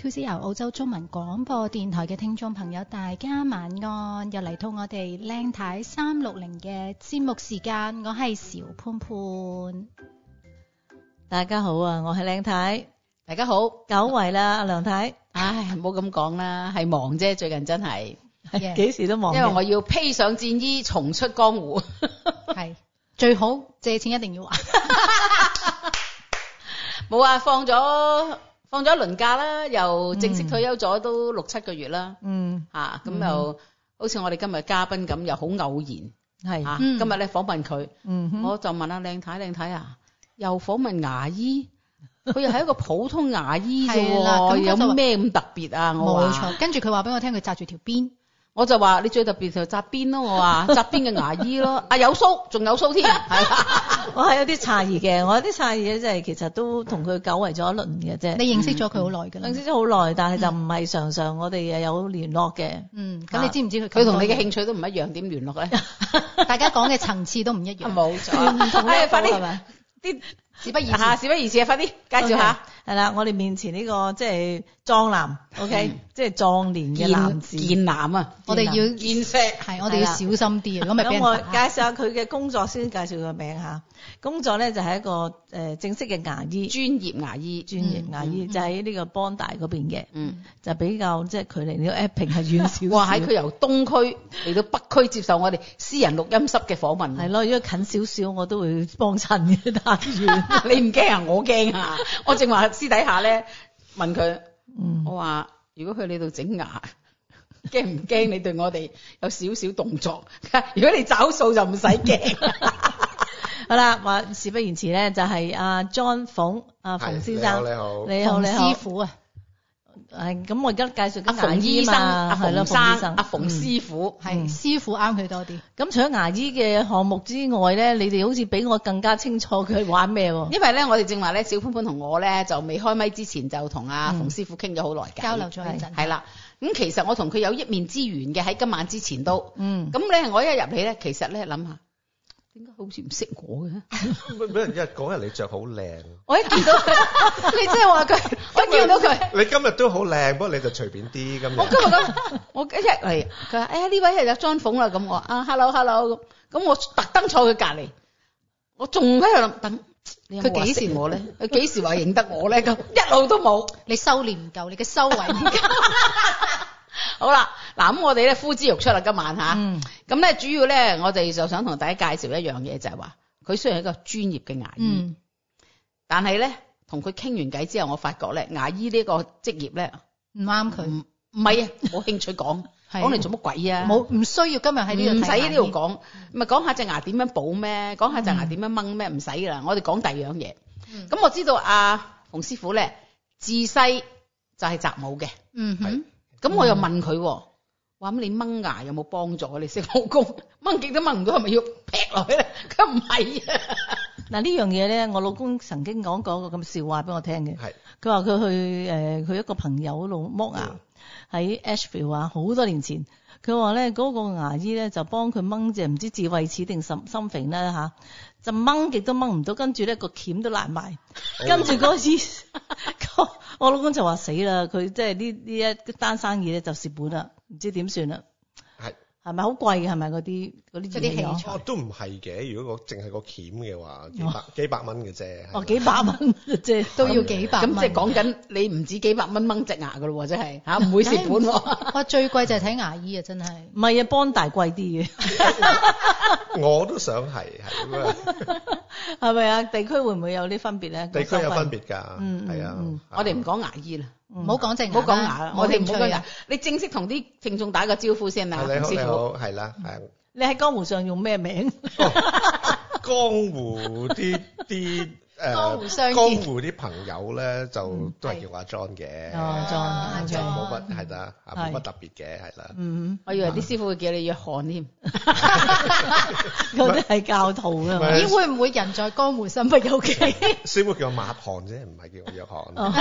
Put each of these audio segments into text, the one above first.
通知由澳洲中文廣播電台嘅聽眾朋友，大家晚安，又嚟到我哋靚太三六零嘅節目時間，我係小潘潘。大家好啊，我係靚太。大家好，久違啦，阿梁太。唉，唔好咁講啦，係忙啫，最近真係，係幾時都忙。因為我要披上戰衣，重出江湖。係最好借錢一定要還。冇啊，放咗。放咗一輪假啦，又正式退休咗都六七個月啦。嗯，嗯，嗯，嗯，嗯，嗯，嗯，嗯，嗯，咁又好似我哋今日嘉賓咁，又好偶然係嚇。今日咧訪問佢，我就問阿靚太，太靚太啊，又訪問牙醫，佢又係一個普通牙醫啫佢 有咩咁特別啊？我冇錯。跟住佢話俾我聽，佢扎住條辮。我就話你最特別就紮辮咯，我話紮辮嘅牙醫咯、 啊，有鬚仲有鬚添，係 我係有啲詫異嘅，我有啲詫異嘅即係其實都同佢久違咗一輪嘅啫。你認識咗佢好耐噶啦？認識咗好耐，但係就唔係常常我哋又有聯絡嘅。嗯，咁、嗯嗯啊、你知唔知佢？佢同你嘅興趣都唔一樣，點聯絡咧？ 大家講嘅層次都唔一樣，冇 錯同的。唔 同快啲係咪？啲 不是 事不宜遲， 是不是 事不宜遲啊！ 快啲介紹下。Okay. 係啦，我哋面前呢，這個即係壯男，OK，、嗯、即係壯年嘅男子健男啊！見男我哋要見識，係我哋要小心啲。咁我介紹下佢嘅工作 先，介紹個名吓。工作咧就係一個誒正式嘅牙醫，專業牙醫，嗯、專業牙醫、嗯嗯、就喺、是、呢個邦大嗰邊嘅，嗯，就比較即係、就是、距離呢個 Apping 係遠少。嗯、 哇！喺佢由東區嚟到北區接受我哋私人錄音室嘅訪問。係咯，如果近少少我都會幫襯嘅，但遠 你唔驚啊，我驚啊，我正話。私底下咧問佢，我話：如果去你度整牙，驚唔驚你對我哋有少少動作？如果你找數就唔使驚。好啦，話事不宜遲咧，就係、是、阿 John 馮，阿馮先生，你好，你好，你好，師傅啊！咁、哎，我而家介紹緊牙醫嘛，係、啊、馮生，阿馮，馮、嗯啊、馮師傅，係、嗯、師傅啱佢多啲。咁除咗牙醫嘅項目之外咧，你哋好似比我更加清楚佢玩咩？因為咧，我哋正話咧，小潘潘同我咧就未開咪之前就同阿、啊、馮師傅傾咗好耐㗎，交流咗一陣。係啦，咁、嗯、其實我同佢有一面之緣嘅，喺今晚之前都，嗯，咁咧我一入嚟咧，其實咧諗下。想想點解好似唔識我嘅？唔係，每人日嗰日你着好靚，我一見到佢，你即係話佢，我見到佢。你今日都好靚，不過你就隨便啲今日。我今日咁，我一嚟，佢話：哎呀呢位係阿 John Fung 啦咁。我啊，hello hello 咁，咁我特登坐佢隔籬，我仲喺度諗等。佢幾時我咧？佢幾時話認得我咧？咁一路都冇。你修煉唔夠，你嘅修為唔夠。好啦，嗱咁，我哋咧呼之欲出啦。今晚吓咁咧，主要咧，我哋就想同大家介紹一樣嘢，就係話佢雖然係一個專業嘅牙醫，但係咧同佢傾完偈之後，我發覺咧牙醫呢個職業咧唔啱佢，唔係啊，冇興趣講，講嚟做乜鬼啊？冇唔需要今日喺呢度，唔使呢度講咪講下隻牙點樣補咩？講、嗯、下隻牙點樣掹咩？唔使噶啦，我哋講第二樣嘢。咁、嗯嗯、我知道阿、啊、馮師傅咧自細就係習武嘅，嗯哼。咁我又問佢，話、嗯、咁你掹牙有冇幫助你？你、嗯、識老公掹極都掹唔到，係咪要劈落去咧？佢唔係啊、嗯。嗱呢樣嘢咧，我老公曾經講過個咁笑話俾我聽嘅。係，佢話佢去誒佢、呃、一個朋友度剝牙，喺 Ashfield 啊，好多年前。佢話咧嗰個牙醫咧就幫佢掹隻唔知智慧齒定心深啦嚇就掹極都掹唔到，跟住咧 個鉗都爛埋，跟住嗰次，我老公就話死啦，佢即係呢呢一單生意咧就蝕本啦，唔知點算啦。係咪好貴？係咪嗰啲嗰啲啲器材？哦，都唔係嘅。如果只是個淨係個鉗嘅話，幾百幾百蚊嘅啫。哦，的幾百蚊啫，都要幾百。咁即係講緊你唔止幾百蚊掹隻牙噶咯，真係吓，唔會蝕本。哇，最貴就係睇牙醫啊，真係。唔係啊，幫大貴啲嘅。 我都想係係係咪啊？地區會唔會有啲分別咧？地區有分別噶，係、嗯、啊、嗯。我哋唔講牙醫啦。唔好講正，唔好講牙啦，我哋唔好講牙。你正式同啲聽眾打個招呼先、啊、啦，馮師傅。係啦，係。你喺江湖上用咩名、哦？江湖啲啲。 哼哼哼哼誒江湖啲朋友咧就都係叫阿 John 嘅，就冇乜係啦，冇乜特別嘅係啦。嗯，我以為啲師傅會叫你約翰添，嗰啲係教徒㗎。咦？會唔會人在江湖身不由己？師傅叫我抹汗啫，唔係叫我約翰。哦，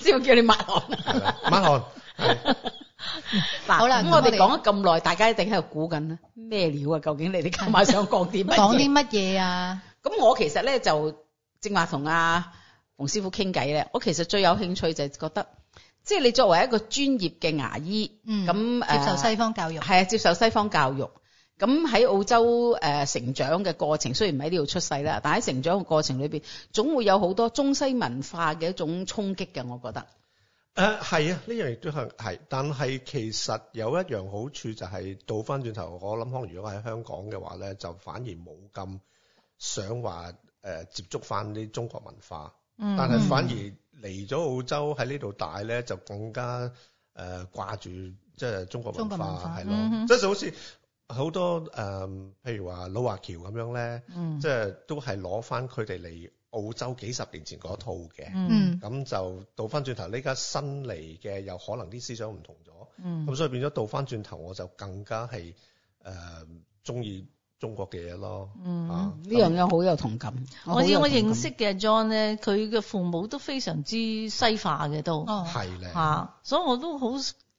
師傅叫你抹汗。抹汗。嗱，好啦，咁我哋講咗咁耐，大家一定喺度估緊啦，咩料啊？究竟你哋今晚想講啲乜？講啲乜嘢啊？咁我其實咧就。正話同阿馮師傅傾偈咧，我其實最有興趣就係覺得，即係你作為一個專業嘅牙醫，嗯，咁接受西方教育係啊，接受西方教育，咁、呃、喺澳洲誒、呃、成長嘅過程，雖然唔喺呢度出世啦，但喺成長嘅過程裏邊，總會有好多中西文化嘅一種衝擊嘅，我覺得。誒係啊，呢樣亦都係係，但係其實有一樣好處就係倒翻轉頭，我諗可能如果喺香港嘅話咧，就反而冇咁想話。誒接觸翻啲中國文化，嗯、但係反而嚟咗澳洲喺呢度大咧、嗯、就更加誒、呃、掛住即係中國文化係咯，即、嗯、係好似好多誒、呃，譬如話老華僑咁樣咧，即、嗯、係、就是、都係攞翻佢哋嚟澳洲幾十年前嗰套嘅，咁、嗯、就倒翻轉頭，呢家新嚟嘅有可能啲思想唔同咗，咁、嗯、所以變咗倒翻轉頭我就更加係誒中意，呃中國嘅嘢咯，嗯，啊，呢樣嘢好有同感。我知我認識嘅 John 咧，佢嘅父母都非常之西化嘅都，哦，係咧，吓，啊，所以我都好。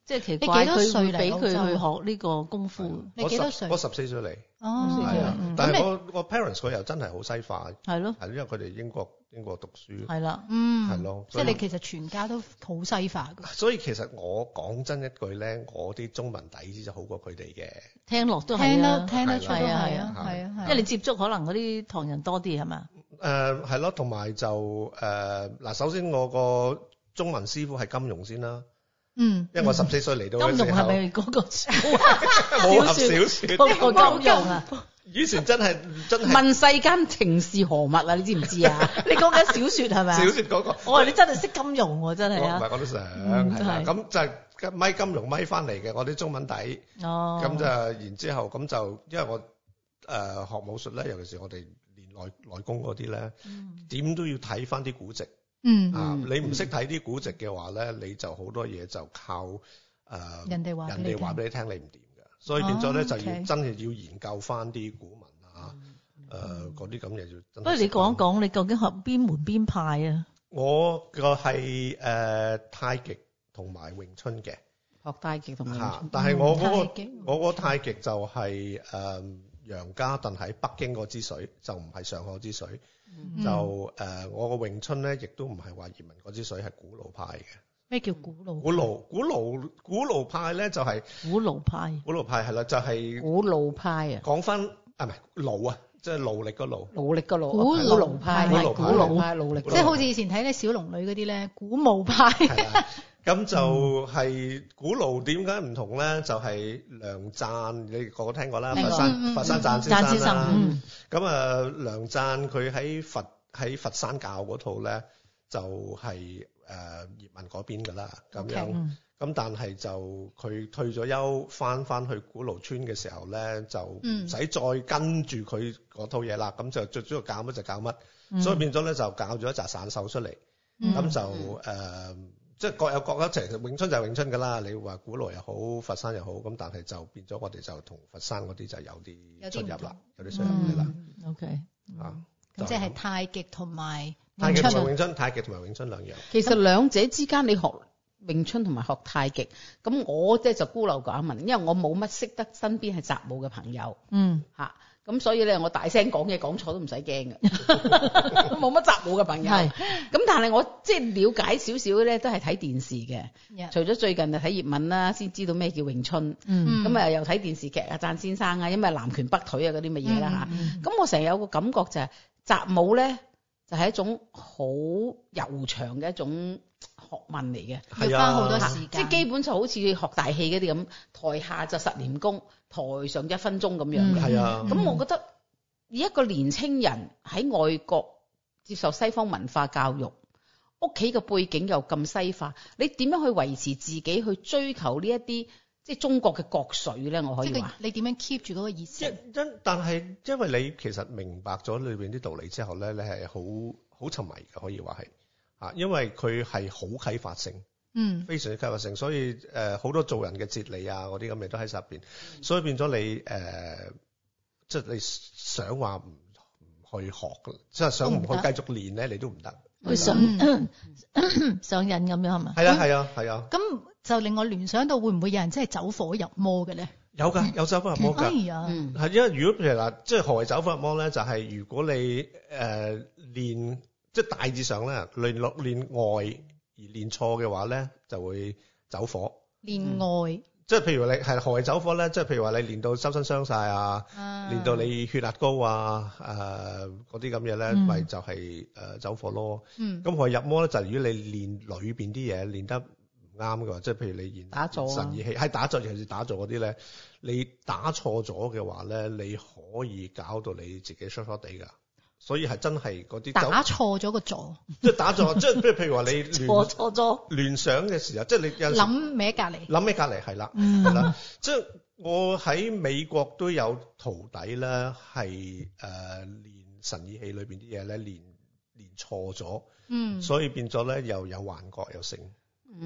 即係奇怪，佢俾佢去學呢個功夫。你幾多歲？我我十四歲嚟。哦，係啊。嗯、但係我我 parents 佢又真係好西化。係咯、啊。係、啊、因為佢哋英國英國讀書。係啦、啊，嗯。係咯、啊，即係你其實全家都好西化㗎。所以其實我講真一句咧，我啲中文底子就好過佢哋嘅。聽落都聽得聽得出啊，係啊，係啊，因為、啊啊啊啊啊啊啊啊啊、你接觸可能嗰啲唐人多啲係嘛？誒係咯，同、呃、埋、啊、就誒嗱、呃，首先我個中文師傅係金融先啦、啊。嗯，因為我十四歲嚟到金庸係咪嗰個小說？武俠小說，金庸啊。以前真係真係問世間情是何物啊？你知唔知啊？你講緊小說係咪？小說嗰個，我話你真係識金庸喎，真係啊。唔係講得上，係嘛？咁就係咪金庸咪翻嚟嘅？我啲中文底哦，咁就然之後咁就，因為我誒學武術咧，尤其是我哋練內內功嗰啲咧，點都要睇翻啲古籍。嗯啊，你唔識睇啲古籍嘅話咧、嗯，你就好多嘢就靠誒、呃、人哋話人哋話俾你聽，你唔掂㗎，所以變咗咧就要真係要研究翻啲古文啊，誒嗰啲咁嘅就。不如你講一講，你究竟學邊門邊派啊？我個係誒太極同埋詠春嘅。學太極同埋詠春。嗯、但係我嗰個、嗯、我嗰個太極就係、是、誒、呃、楊家頓喺北京嗰支水，就唔係上海支水。Mm -hmm. 就誒、呃，我個詠春咧，亦都唔係話移民嗰支水係古老派嘅。咩叫古老？古老、古老、古老派咧就係、係、古老派。古老派係啦，就係、係、古老派啊。講翻啊，咪老啊，即係勞力嗰勞。勞力嗰勞、嗯。古老派古老派，勞力老派。即係好似以前睇咧小龍女嗰啲咧，古墓派。 咁就係古勞點解唔同咧、嗯？就係、是、梁贊你個個聽過啦，佛山、嗯嗯、佛山贊先生咁、嗯嗯、啊，梁贊佢喺佛喺佛山教嗰套咧、就是呃 okay，嗯，就係誒葉問嗰邊噶啦咁樣。咁但係就佢退咗休，翻翻去古勞村嘅時候咧，就唔使再跟住佢嗰套嘢啦。咁就最主要教乜就教乜、嗯，所以變咗咧就教咗一紮散手出嚟。咁、嗯、就誒。嗯呃即係各有各一齊，永春就永春噶啦。你話古勞又好，佛山又好，咁但係就變咗我哋就同佛山嗰啲就有啲出入啦，有啲出入啦。O K，啊，即係太極同埋永春，長春，太極同埋永，永，永春兩樣。其實兩者之間，你學永春同埋學太極，咁我即係就孤陋寡聞，因為我冇乜識得身邊係習武嘅朋友。嗯，嚇。咁所以咧，我大聲講嘢講錯都唔使驚嘅，冇乜習武嘅朋友。係，咁但係我即係、就是、了解少少咧，都係睇電視嘅。Yeah. 除咗最近就睇葉問啦，先知道咩叫詠春。嗯。咁啊又睇電視劇啊，贊先生啊，因為南拳北腿，mm. 啊嗰啲乜嘢啦吓。咁我成日有個感覺就係習武咧，就係、是、一種好悠長嘅一種。學問嚟嘅，用翻好多時間，即係基本就好似學大戲嗰啲咁，台下就十年功，台上一分鐘咁樣嘅。係、嗯、啊，咁我覺得、嗯、以一個年輕人喺外國接受西方文化教育，屋企嘅背景又咁西化，你點樣去維持自己去追求呢一啲即係中國嘅國粹咧？我可以話你點樣 keep 住嗰個意思？因因，但係因為你其實明白咗裏邊啲道理之後咧，你係好好沉迷嘅，可以話係。啊，因為佢係好啟發性，嗯，非常之啟發性，所以誒好、呃、多做人嘅哲理啊，嗰啲咁嘅都喺入邊，所以變咗你誒、呃，即係你想話唔去學，即係想唔去繼續練咧，你都唔得，會想、呃、上上癮咁樣係咪？係啊係啊係啊。咁、嗯、就令我聯想到，會唔會有人真係走火入魔嘅咧？有噶，有走火入魔噶。哎呀，係、嗯、因為如果嗱，即係何謂走火入魔咧？就係、是、如果你誒練。呃練即係大致上咧，練六練外而練錯嘅話咧，就會走火。練外、嗯。即係譬如你係何謂走火咧？即係譬如話你練到周身傷晒啊，啊，練到你血壓高啊，誒嗰啲咁嘢咧，咪、嗯、就係、是、走火咯。咁、嗯、何謂入魔咧，就係如果你練裏面啲嘢練得唔啱嘅話，即係譬如你練打坐、啊、神意氣，喺打坐，尤其是打坐嗰啲咧，你打錯咗嘅話咧，你可以搞到你自己 short short 哋㗎。所以係真係嗰啲打錯咗個座，即係打錯，即係譬如譬如話你聯錯咗聯想嘅時候，即係你諗歪隔離，諗歪隔離係啦，係啦。即係、嗯、 我喺美國都有徒弟咧，係誒練神意氣裏邊啲嘢咧，練練錯咗，嗯，所以變咗咧又有幻覺又成，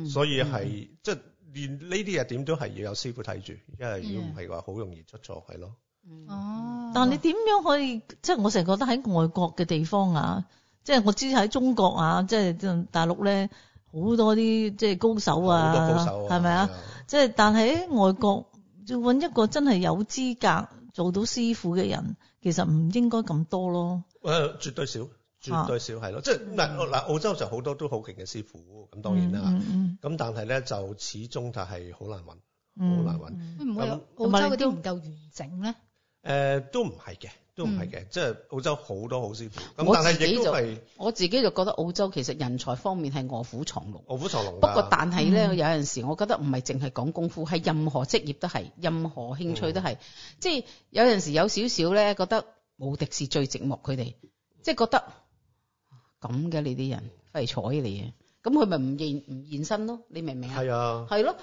所以係、嗯、即係練呢啲嘢點都係要有師傅睇住，因為如果唔係話好容易出錯係咯、嗯，哦。但你點樣可以？即係我成日覺得喺外國嘅地方啊，即係我知喺中國啊，即係大陸咧好多啲即係高手啊，係咪啊？係係啊嗯、即係但係喺外國要揾一個真係有資格做到師傅嘅人，其實唔應該咁多咯。誒，絕對少，絕對少係咯。嗯、即係嗱，澳洲就好多都好勁嘅師傅，咁當然啦。咁、嗯嗯、但係咧，就始終就係好難揾，好難揾。嗯嗯、會唔會澳洲嗰啲唔夠完整咧？誒、呃，都唔係嘅，都唔係嘅，即係澳洲好多好師傅。咁但係亦都係，我自己就覺得澳洲其實人才方面係臥虎藏龍，臥虎藏龍。不過但係咧、嗯，有陣時我覺得唔係淨係講功夫，係任何職業都係，任何興趣都係、嗯。即係有陣時有少少咧，覺得無敵是最寂寞，佢哋即係覺得咁嘅你啲人，費事睬你。咁佢咪唔現唔現身咯？你明唔明啊？係啊，係咯、啊，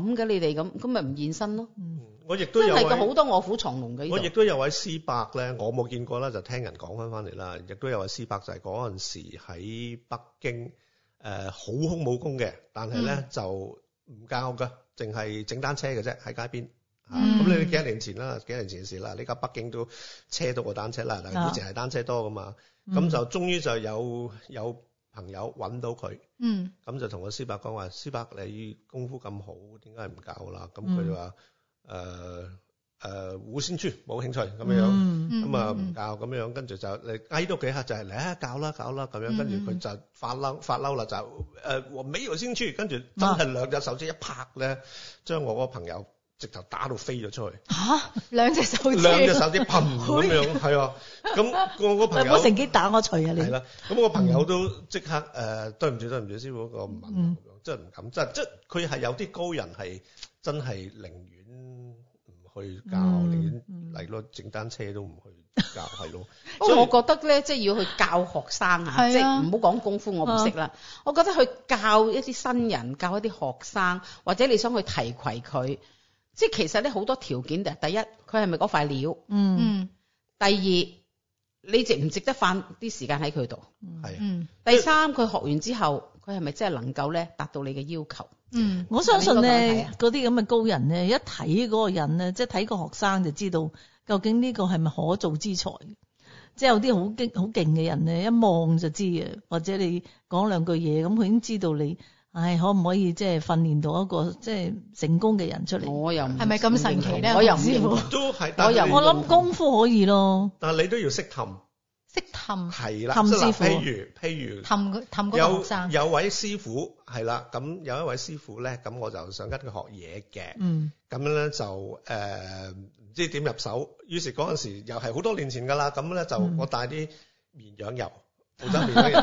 咁嘅你哋咁，咁咪唔現身咯。嗯，我亦都有好多卧虎藏龍嘅。我亦都有位師伯咧，我冇見過啦，就聽人講翻翻嚟啦。亦都有位師伯就係嗰陣時喺北京，誒好空冇功嘅，但係咧、嗯、就唔教㗎，淨係整單車嘅啫，喺街邊。嗯。咁、啊、你幾年前啦？幾年前嘅事啦？呢家北京都車多過單車啦，但係以前係單車多噶嘛。咁、嗯、就終於就有有，朋友揾到佢，咁、嗯、就同個師伯講話：師伯你功夫咁好，點解唔教啦？咁佢話：誒誒，武、呃呃、先豬冇興趣咁樣，咁啊唔教咁樣。跟住就你嗌都幾下、就是就，就係嚟啊教啦教啦咁樣。跟住佢就發嬲發嬲啦，就誒我美容先豬。跟住真係兩隻手指一拍咧、啊，將我個朋友。直頭打到飛咗出去、啊、兩隻手指，兩隻手指砰咁 樣，係啊咁。 我個朋友我乘機打我除啊，你係啦。咁我個朋友都即刻誒、嗯呃，對唔住對唔住，師傅個問，即係唔敢即真。佢係有啲高人係真係寧願唔去教、嗯、去教，寧願嚟咯，整單車都唔去教係咯。所以我覺得咧，即係要去教學生啊， 即係唔好講功夫，我唔識啦。我覺得去教一啲新人，教一啲學生，或者你想去提攜佢。即係其實咧好多條件嘅，第一佢係咪嗰塊料？嗯。第二你值唔值得放啲時間喺佢度？嗯。第三佢學完之後，佢係咪真係能夠咧達到你嘅要求？嗯，我相信咧嗰啲咁嘅高人咧，一睇嗰個人咧、嗯，即係睇個學生就知道究竟呢個係咪可造之材。即係有啲好激好勁嘅人咧，一望就知嘅，或者你講兩句嘢咁，佢已經知道你。唉，可唔可以即係訓練到一個即係成功嘅人出嚟？我又唔係咪咁神奇咧？我又唔，我又， 我諗功夫可以咯。但係你都要識氹，識氹係啦，氹師傅，譬如譬如氹氹嗰有有位師傅係啦，咁有一位師傅咧，咁我就想跟佢學嘢嘅。嗯，咁、呃、樣咧就誒，唔知點入手。於是嗰陣時又係好多年前噶啦，咁咧就我帶啲綿羊油。澳洲面嗰人，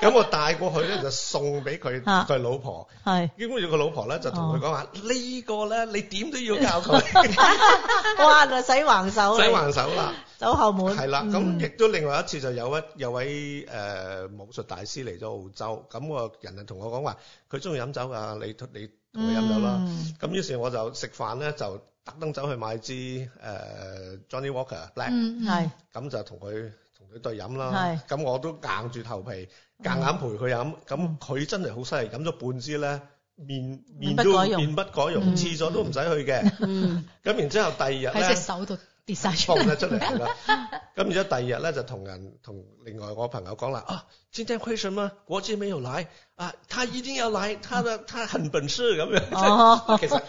咁我帶過去咧就送俾佢對老婆，係。咁於是個老婆咧就同佢講話，呢個咧你點都要教佢。哇！啊，使還手。使還手啦。走後門。係啦，咁亦都另外一次就有一有位誒武術大師嚟咗澳洲，咁個人啊同我講話，佢中意飲酒㗎，你你同佢飲酒啦。咁於是我就食飯咧就特登走去買支誒 Johnny Walker Black，係。咁就同佢。同佢對飲啦，咁我都硬住頭皮，硬硬陪佢飲。咁、嗯、佢真係好犀利，飲咗半支咧，面面都面不改容，廁所、嗯、都唔使去嘅。咁、嗯、然之後第二日喺隻手度跌晒出嚟。出嚟咁、嗯、然之後第二日咧，就同人同另外我朋友講啦：， 啊，今天為什麼果靖未有奶啊，他已經有奶他他很本事咁樣。哦，其實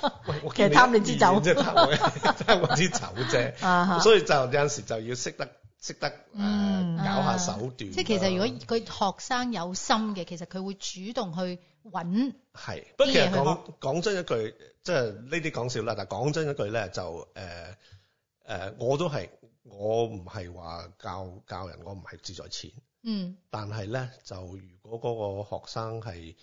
我貪你支酒即係得我，得我支酒啫。所以就有時就要識得。識得誒，搞、呃嗯、下手段啊啊。即係其實，如果佢學生有心嘅，其實佢會主動去揾。係，不過其實講講真一句，即係呢啲講笑啦。但係講真一句咧，就誒誒、呃呃，我都係，我唔係話教教人，我唔係志在錢。嗯。但係咧，就如果嗰個學生係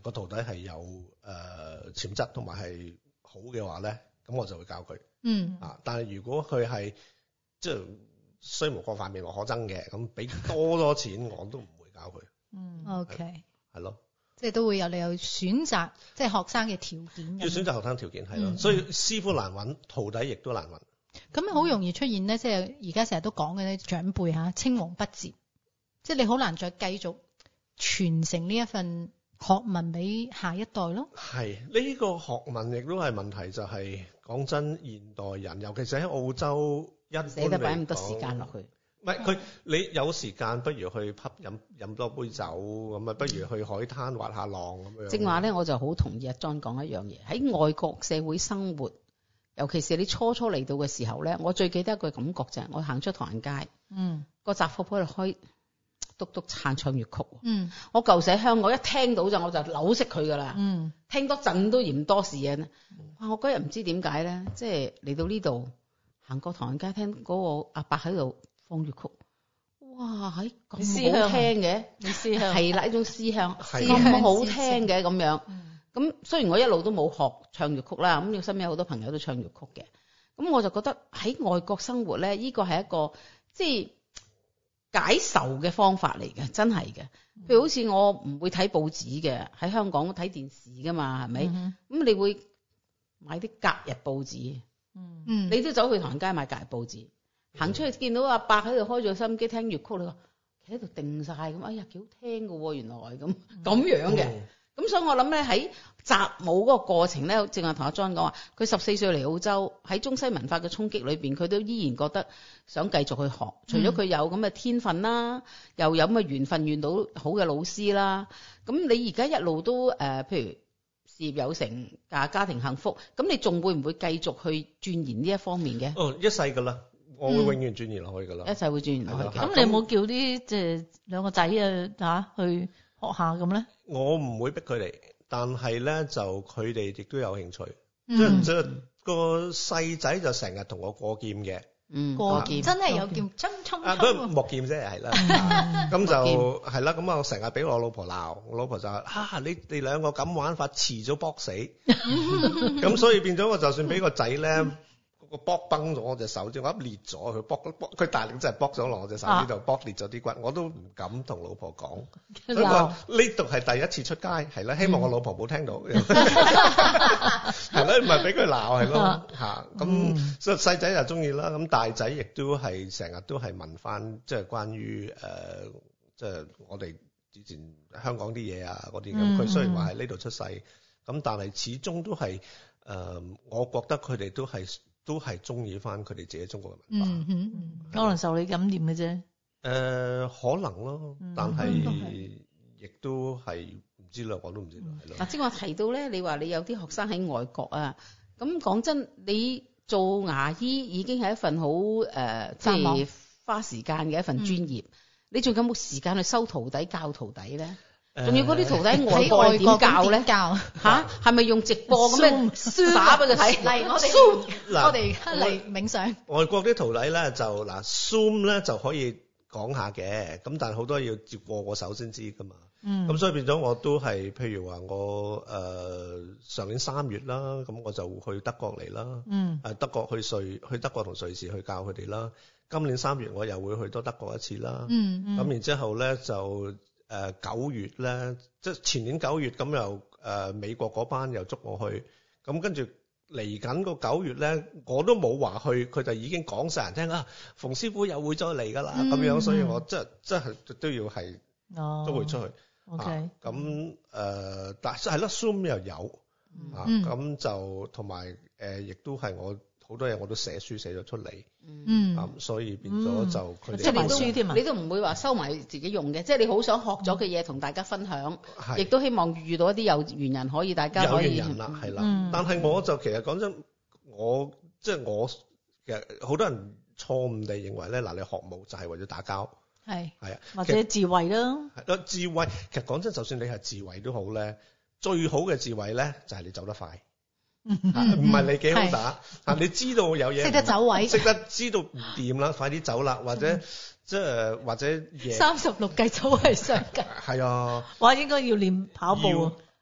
誒個徒弟係有誒、呃、潛質同埋係好嘅話咧，咁我就會教佢。嗯。啊，但係如果佢係即係，就是雖無過犯面可憎嘅，咁俾多多錢 我都唔會教佢。嗯，OK，係咯，即係都會有你有選擇，即係學生嘅條件。要選擇學生條件係咯、嗯，所以師傅難揾，徒弟亦都難揾。咁、嗯、好容易出現咧，即係而家成日都講嘅咧，長輩吓青黃不接，即係你好難再繼續傳承呢一份學問俾下一代咯。係呢個學問亦都係問題，就係講真，現代人尤其是喺澳洲。你捨得擺咁多時間落去。唔係、嗯、佢，你有時間不如去吸飲飲多杯酒，咁啊不如去海灘滑下浪咁樣。正話咧，我就好同意阿 John 講一樣嘢。喺外國社會生活，尤其是你初初嚟到嘅時候咧，我最記得一個感覺就係、是、我行出唐人街，嗯嗰個雜貨鋪度開篤篤撐唱粵曲、嗯。我舊時喺香港一聽到就我就扭識佢㗎啦，聽多陣都嫌多時啊！哇，我嗰日唔知點解咧，即係嚟到呢度。行過唐人街，聽嗰個阿伯喺度放粵曲，哇！喺咁好聽嘅，係啦，一種思鄉，咁好聽嘅咁樣。咁、嗯、雖然我一路都冇學唱粵曲啦，咁我身邊有好多朋友都唱粵曲嘅，咁我就覺得喺外國生活咧，呢、呢個係一個即係、即係、解愁嘅方法嚟嘅，真係嘅。譬如好似我唔會睇報紙嘅，喺香港睇電視㗎嘛，係咪？咁、嗯、你會買啲隔日報紙。嗯，你都走去唐街買隔日報紙，行、嗯、出去見到阿伯喺度開住個收音機聽粵曲，你話企喺度定晒咁，哎呀，幾好聽噶，原來咁咁樣嘅。咁、嗯嗯、所、所以我諗咧，喺習武嗰個過程咧，正話同阿 John 講話佢十四歲嚟澳洲，喺中西文化嘅衝擊裏邊，佢都依然覺得想繼續去學。除咗佢有咁嘅天分啦，又有咁嘅緣分遇到好嘅老師啦。咁你而家一路都誒、呃，譬如。事業有成，家庭幸福，咁你仲會唔會繼續去鑽研呢一方面嘅？哦，一世噶啦，我會永遠鑽研落去噶啦、嗯。一世會鑽研落去。咁、啊啊、你有冇叫啲即係兩個仔啊吓去學下咁咧？我唔會逼佢哋，但係咧就佢哋亦都有興趣。即、嗯、係、嗰個細仔就成日同我過劍嘅。嗯，過劍、啊、真係有劍，沖沖啊，不過木劍啫，係、那、啦、個就是，咁、 啊、就係啦，咁、 啊、我成日俾我老婆鬧，我老婆就話：哈、啊，你哋兩個咁玩法，遲早搏死，咁 所以變咗我，就算俾個仔咧。 我卜崩咗我隻手指，我一裂咗佢卜，佢佢大力真係卜咗落我隻手指度，卜、啊、裂咗啲骨，我都唔敢同老婆講，呢度係第一次出街，係啦，希望我老婆冇聽到，係、嗯、咯，唔係俾佢鬧係咯，嚇，咁、嗯、所以細仔就中意啦，咁大仔亦都係成日都係問翻，即係關於誒，即、呃、係、就是、我哋之前香港啲嘢啊嗰啲咁，佢雖然話喺呢度出世，咁但係始終都係誒、呃，我覺得佢哋都係。都係中意翻佢哋自己的中國嘅文化、嗯嗯是。可能受你感染嘅啫。誒、呃，可能咯，嗯、但係亦都係唔知兩講都唔知道。嗱、嗯，即係我提到咧，你話你有啲學生喺外國啊，咁講真的，你做牙醫已經係一份好誒，即、呃、係花時間嘅一份專業。嗯、你仲有冇時間去收徒弟教徒弟咧？仲要嗰啲徒弟喺、呃、外國教咧吓係咪用直播咁樣 zoom, 打俾佢睇？嚟 我哋 zoom 我哋嚟冥想，外國啲徒弟咧就嗱 zoom 咧就可以講下嘅，咁但係好多要接過我手先知噶嘛。咁、嗯、所以變咗我都係譬如話我誒、呃、上年三月啦，咁我就去德國嚟啦。嗯，德國去瑞去德國同瑞士去教佢哋啦。今年三月我又會去多德國一次啦。嗯咁、嗯、然之後咧就。誒、呃、九月咧，即前年九月咁又誒、呃、美國嗰班又捉我去。咁跟住嚟緊個九月咧，我都冇話去，佢就已經講晒人聽啦、啊。馮師傅又會再嚟噶啦，咁、嗯、樣，所以我即係即係都要係都會出去。O、哦、K。咁、okay、誒、啊呃，但係啦 Zoom 又有啊，咁就同埋、呃、亦都係我。好多嘢我都寫書寫咗出嚟，咁、嗯嗯、所以變咗就佢哋賣書添啊！你都唔會話收埋自己用嘅、嗯，即係你好想學咗嘅嘢同大家分享、嗯，亦都希望遇到一啲有緣人可以大家可以有緣人啦，係啦、嗯。但係我就、嗯、其實講真，我即係我其實好多人錯誤地認為咧，嗱你學武就係為咗打交，係係啊，或者智慧啦，智慧其實講真，自就算你係智慧都好咧，最好嘅智慧咧就係你走得快。.唔、嗯、係、嗯嗯、你幾好打，吓你知道有嘢識得走位，識得知道唔掂啦， 快啲走啦，或者即係、嗯、或者三十六計走為上計。係啊，啊，我應該要練跑步，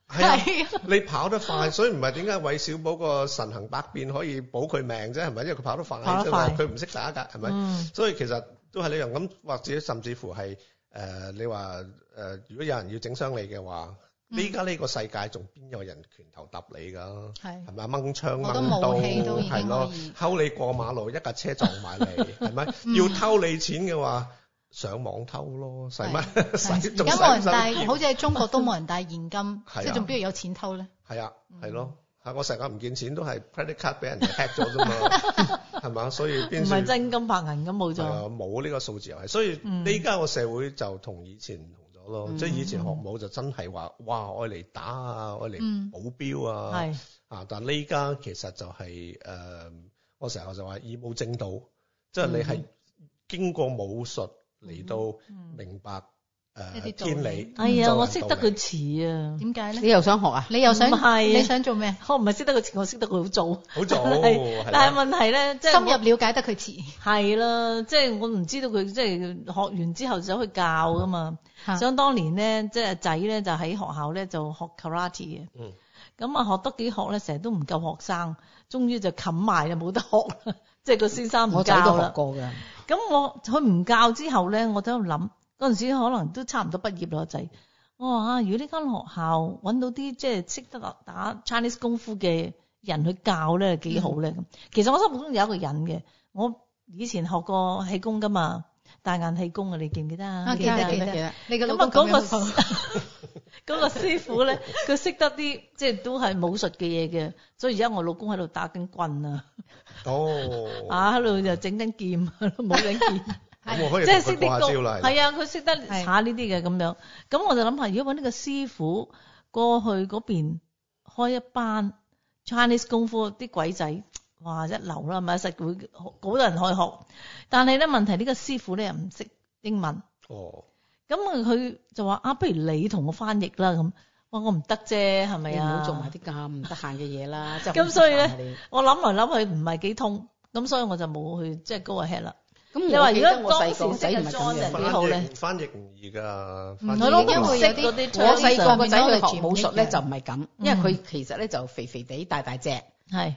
係啊， 你跑得快，所以唔係，點解韋小寶個神行百變可以保佢命啫？係咪？因為佢跑得快，佢唔識打噶，係咪、嗯？所以其實都係你用咁或者甚至乎係誒、呃，你話誒、呃，如果有人要整傷你嘅話。依家呢個世界仲邊有人拳頭揼你㗎？係咪掹槍掹刀，係咯，偷你過馬路、嗯、一架車撞埋你，係 咪？要偷你錢嘅話，上網偷咯，使乜？而家冇人帶，好似喺中國都冇人帶現金，即仲仲邊有錢偷咧？係啊，係咯、啊啊嗯啊，我成日唔見錢都係 credit card 俾人哋 hack 咗啫嘛，係咪，所以唔係真金白銀咁冇咗，冇呢個數字遊戲。所以依家個社會就同以前。嗯、即係以前學武就真係話：「哇，愛嚟打啊，愛嚟保鏢啊，啊、嗯！但係呢家其實就係、是，誒、呃，我成日就話：「以武證道，即係你係經過武術嚟到明白。一啲、哎、做，係啊，我識得佢遲啊，點解咧？你又想學啊？你又想係？你想做咩？我唔係識得佢遲，我識得佢好做，好做。 但係問題咧，即、就、係、是、深入了解得佢遲。係 啦，即、就、係、是、我唔知道佢即係學完之後走去教噶嘛。想當年咧，即係仔咧就喺、是、學校咧就學 karate 嘅。咁、嗯、啊，學得幾學咧，成日都唔夠學生，終於就冚埋就冇得學，即係個先生唔教 我仔都學過噶。咁我佢唔教之後咧，我都度諗。嗰陣時可能都差唔多畢業咯，仔。我話啊、哦，如果呢間學校揾到啲即係識得打 Chinese 功夫嘅人去教咧，幾好咧咁、嗯。其實我心目中有一個人嘅，我以前學過氣功噶嘛，大雁氣功啊，你記唔記得啊？記得記得記得。咁啊，嗰、那個嗰、那個師傅咧，佢識得啲即係都係武術嘅嘢嘅，所以而家我老公喺度打緊棍啊。哦。啊，喺度又整緊劍，武術劍。即係識啲招啦，係啊，佢識得查呢啲嘅咁樣。咁我就諗下，如果搵呢個師傅過去嗰邊開一班 Chinese 功夫，啲鬼仔哇一流啦，咪實會好多人去學。但係咧，問題呢個師傅咧又唔識英文。哦。咁啊，佢就話啊，不如你同我翻譯啦咁。哇，我唔得啫，係咪啊？你唔好做埋啲咁唔得閒嘅嘢啦。咁所以咧，我諗來諗去唔係幾通，咁所以我就冇去即係嗰個 head 啦。咁你話如果細個仔唔係咁嘅幾好咧？唔好咯，因為啲我細個個仔佢學武術咧就唔係咁，因為佢其實咧就肥肥地大大隻。咁、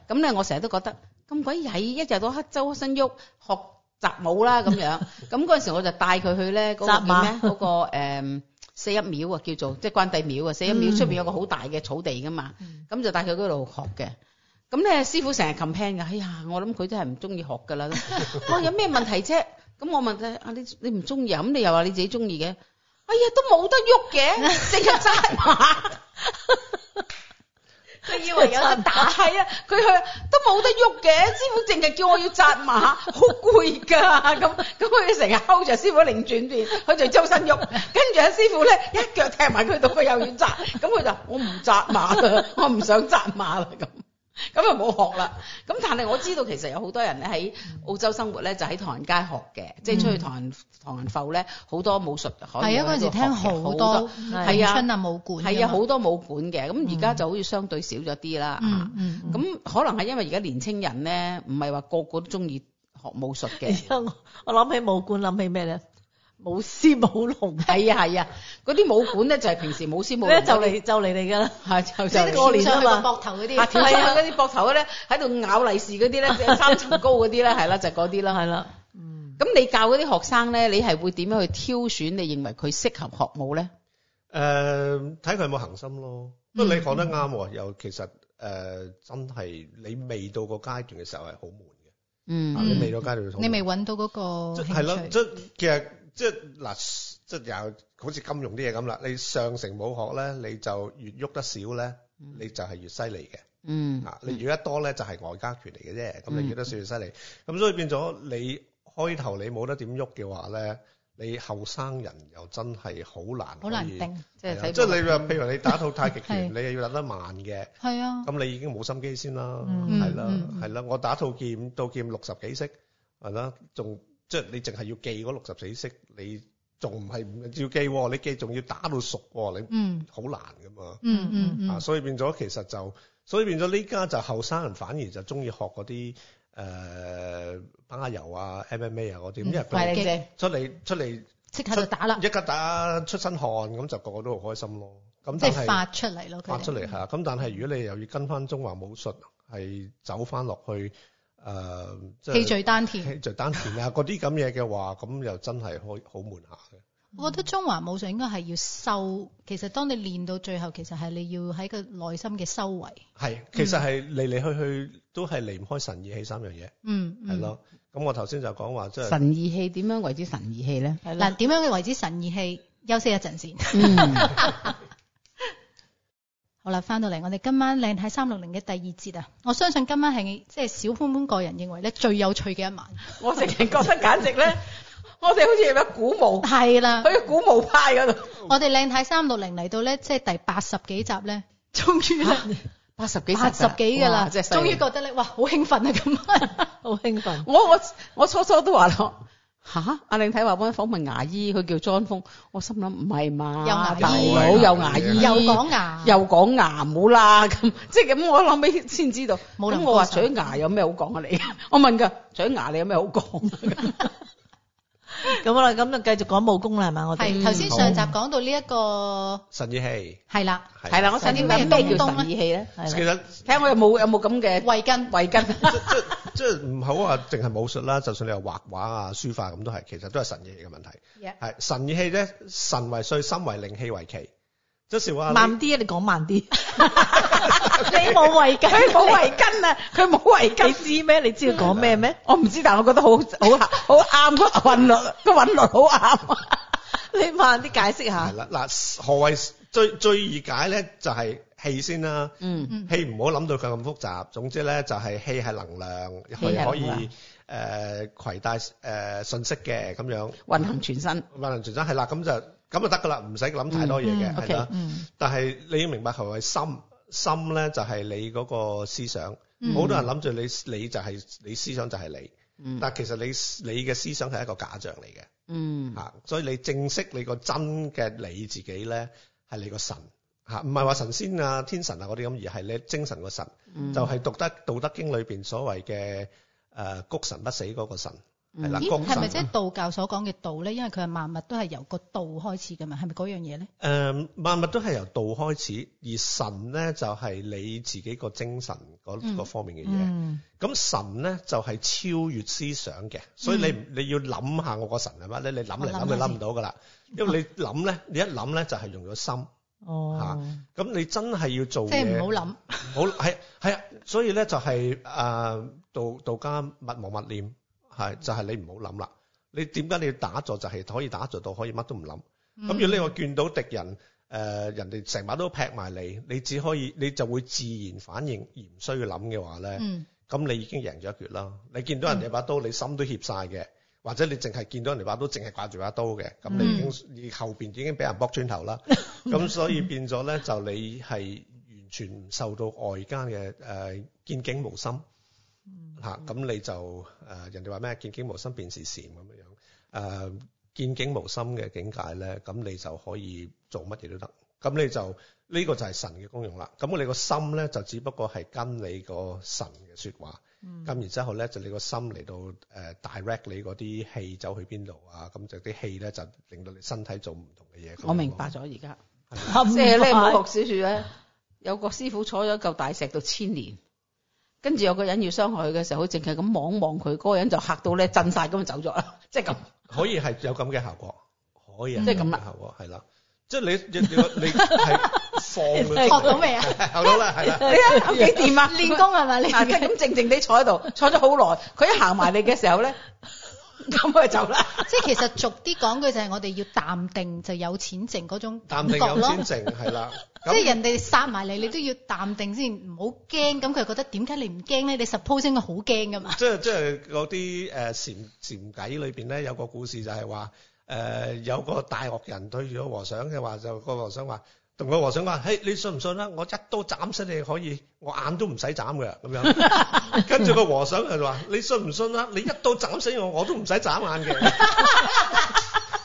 嗯、咧，我成日都覺得咁鬼曳，一日到黑周身喐，學習武啦咁樣。咁 嗰時我就帶佢去咧、那、嗰個嗰、那個、呃、四一廟啊，叫做即係關帝廟啊，四一廟出邊有個好大嘅草地噶嘛，咁、嗯、就帶佢去嗰度學嘅。咁咧，師傅成日琴聽㗎，哎呀，我諗佢真係唔中意學㗎啦。我話有咩問題啫？咁我問阿你，你唔中意呀？咁你又話你自己中意嘅？哎呀，都冇得喐嘅，成日紮馬。佢以為有得打係啊！佢去都冇得喐嘅，師傅淨係叫我要紮馬，好攰㗎。咁咁佢成日睺着師傅擰轉身，佢就周身喐。跟住阿師傅咧，一腳踢埋佢度，佢又要紮。咁佢就我唔紮馬啦，我唔想紮馬啦咁。咁 就冇學啦。咁但係我知道其實有好多人咧，喺澳洲生活咧，就喺唐人街學嘅、嗯，即係出去唐人唐人埠咧，好多武術係啊，嗰陣時聽好多係啊，春啊武館係啊，好多武館嘅。咁而家就好似相對少咗啲啦。咁、嗯嗯嗯嗯嗯、可能係因為而家年青人咧，唔係話個個都中意學武術嘅。我我諗起武館，諗起咩咧？舞獅舞龍係啊，係啊，嗰啲舞館咧就係平時舞獅舞龍咧就嚟就嚟嚟噶啦，係、啊、就就即係跳上去個膊頭嗰啲，跳、啊、上去嗰啲膊頭咧喺度咬利 是嗰啲咧，三層高嗰啲咧係啦，就嗰啲啦係啦。咁、啊嗯、你教嗰啲學生咧，你係會點樣去挑選？你認為佢適合學舞咧？誒、呃，睇佢有冇恒心咯。不過你講得啱、嗯，又其實誒、呃、真係你未到個階段嘅時候係好悶嘅。嗯，你未到階段時候、嗯啊，你未搵到嗰個係咯，即、就是、其實。即係嗱，即係又好似金融啲嘢咁啦。你上乘武學咧，你就越喐得少咧，你就係越犀利嘅。嗯，啊，你喐得多咧就係外家拳嚟嘅啫。咁你喐得少越犀利。咁、嗯、所以變咗你開頭你冇得點喐嘅話咧，你後生人又真係好難可以。好難定，即係睇。即係你話，譬如你打套太極拳， 你又要打得慢嘅。係啊。咁你已經冇心機先啦，係、嗯、啦，係啦、嗯嗯。我打套劍，到劍六十幾式，係啦，仲。即係你淨係要記嗰六十四式，你仲唔係唔要記、哦？你記仲要打到熟，你好難噶嘛。嗯嗯，嗯，嗯啊，所以變咗其實就，所以變咗呢家就後生人反而就中意學嗰啲誒巴柔啊、MMA 啊嗰啲、嗯，因為出嚟出嚟即刻就打啦，一格打出身汗咁就個個都好開心咯。咁即係發出嚟咯。發出嚟係。咁、嗯、但係如果你又要跟翻中華武術，係走翻落去。誒、呃，氣、就、聚、是、丹田，氣聚丹田啊！嗰啲咁嘢嘅話，咁又真係開好悶下嘅。我覺得中華武術應該係要修。其實當你練到最後，其實係你要喺個內心嘅修為係，其實係嚟嚟去去都係離唔開神意氣三樣嘢。嗯，係、嗯、咯。咁我頭先就講話即係、就是、神意氣，點樣為之神意氣咧？嗱、嗯，點樣嘅為之神意氣？休息一陣先。嗯 好啦，翻到嚟，我哋今晚靚太三六零嘅第二節啊！我相信今晚係即係小潘潘個人認為咧最有趣嘅一晚。 我成日覺得簡直咧，我哋好似入咗古墓。係啦，去古墓派嗰度。我哋靚太三六零嚟到咧，即係第八十幾集咧，終於啦，八十幾集，八十幾噶啦，終於覺得咧，哇，好興奮啊！咁 興奮，好興奮。我我我初初都話咯。吓！阿令睇話幫佢訪問牙醫，佢叫 John 馮。我心諗唔係嘛？又大佬又牙醫，又講牙，又講牙，唔好啦咁。即係咁，我諗起先知道。咁我話嘴牙有咩好講啊？你我問佢：「嘴牙你有咩好講？ 咁啦，咁就繼續講武功啦，係嘛？我哋頭先上集講到呢、這、一個神意氣。係啦，係啦，我想啲咩叫神意氣咧？係啦，睇下我有冇有冇咁嘅慧根慧根。即即唔好話淨係武術啦，就算你有畫畫啊、書法咁都係，其實都係神意氣嘅問題。係、yeah. 神意氣呢，神為帥，心為令，氣為旗。慢啲啊！你講慢啲， 你冇圍巾，佢冇圍巾啊！佢冇圍巾， 你知咩？你知佢講咩咩？我唔知，但係我覺得好好好啱，穩落都韻律好啱。 很 你慢啲解釋下。係啦，嗱，何謂最最易解咧？就係、是、氣先啦、啊。嗯。氣唔好諗到佢咁複雜。總之咧，就係氣係能量，佢可以誒攜帶誒信息嘅咁樣。運行全身。運行全身係啦，咁就。咁就得噶啦，唔使諗太多嘢嘅，係、嗯、啦、嗯 okay, 嗯。但係你要明白，何謂心？心咧就係你嗰個思想。好、嗯、多人諗住你，你就係、是、你思想就係你。嗯、但係其實你你嘅思想係一個假象嚟嘅。嗯。吓，所以你正式你個真嘅你自己咧，係你個神。吓，唔係話神仙啊、天神啊嗰啲咁，而係你精神個神。嗯。就係、是、讀得《道德經裡面》裏邊所謂嘅誒谷神不死嗰個神。嗯，咁係咪即係道教所講嘅道咧？因為佢係萬物都係由個道開始嘅嘛，係咪嗰樣嘢咧？誒、嗯，萬物都係由道開始，而神咧就係你自己個精神嗰嗰方面嘅嘢。咁、嗯嗯、神咧就係超越思想嘅，所以你你要諗下我個神係乜咧？你諗嚟諗去諗唔到㗎啦，因為你諗咧，你一諗咧就係用咗心嚇。咁、哦啊、你真係要做即係唔好諗，好係係啊。所以咧就係、是、誒、呃、道道家勿忘勿念，是就係、是、你唔好諗啦。你點解你要打坐？就係、是、可以打坐到可以乜都唔諗。咁、嗯、如果你話見到敵人，呃、人哋成把刀劈埋你，你只可以你就會自然反應而唔需要諗嘅話咧，咁、嗯、你已經贏咗一決啦。你見到人哋把刀，你心都怯晒嘅、嗯，或者你淨係見到人哋把刀，淨係掛住把刀嘅，咁你已經、嗯、你後面已經俾人卜穿頭啦。咁 所以變咗咧，就你係完全唔受到外間嘅誒見景無心。吓、嗯、咁、啊、你就誒、呃，人哋話咩見景無心，便是禪咁樣樣誒，見景無心嘅、呃、境界咧，咁你就可以做乜嘢都得。咁你就呢、這個就係神嘅功用啦。咁你個心咧就只不過係跟你個神嘅說話。咁、嗯、然之後咧就你個心嚟到誒，direct 你嗰啲氣走去邊度啊？咁就啲氣咧就令到你身體做唔同嘅嘢。我明白咗而家，即係咧冇學小說咧、嗯，有個師傅坐咗一嚿大石到千年。跟住有個人要傷害佢嘅時候，佢淨係咁望望佢嗰個人就嚇到咧震晒，咁走咗啦，即係咁。可以係有咁嘅效果，可以係即係咁嘅效果係啦，即 係、就是、你你你放 學到未 啊？學到啦，係啦。幾掂啊？練功係咪？即係咁靜靜地坐喺度，坐咗好耐。佢一行埋嚟嘅時候咧。 咁 咪就啦，即係其實俗啲講，佢就係我哋要淡定，就有錢剩嗰種感覺咯。淡定有錢剩，係啦。即係人哋殺埋你，你都要淡定先，唔好驚。咁佢覺得點解你唔驚咧？你 supposing 佢好驚噶嘛、就是？即係即係嗰啲誒禪禪偈裏邊咧，有個故事就係話誒有個大惡人對住個和尚嘅話，就個和尚話。同個和尚話：嘿、hey，你信唔信啦？我一刀斬死你可以，我眼都唔使眨嘅咁樣 跟住個和尚就話：你信唔信啦？你一刀斬死我，我都唔使眨眼嘅。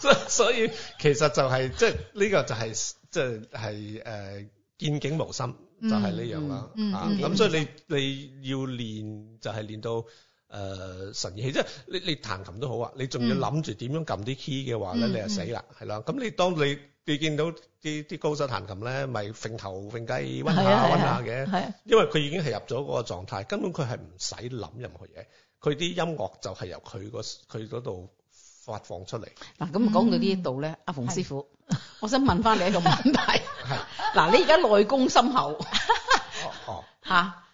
所以其實就係即係呢個就係即係係誒見景無心，嗯、就係、是、呢樣啦、嗯嗯。啊，咁、嗯、所以你你要練就係練到誒、呃、神而起，即、就、係、是、你你彈琴都好啊，你仲要諗住點樣撳啲 key 嘅話咧、嗯，你就死、嗯、啦，係啦。咁你當你你見到啲啲高手彈琴咧，咪揈頭揈雞，温下温下嘅，因為佢已經係入咗嗰個狀態，根本佢係唔使諗任何嘢，佢啲音樂就係由佢佢嗰度發放出嚟。嗱、嗯，咁講到呢一度咧，阿馮師傅，我想問翻你一個問題。嗱， 你而家內功深厚，咁、哦哦啊、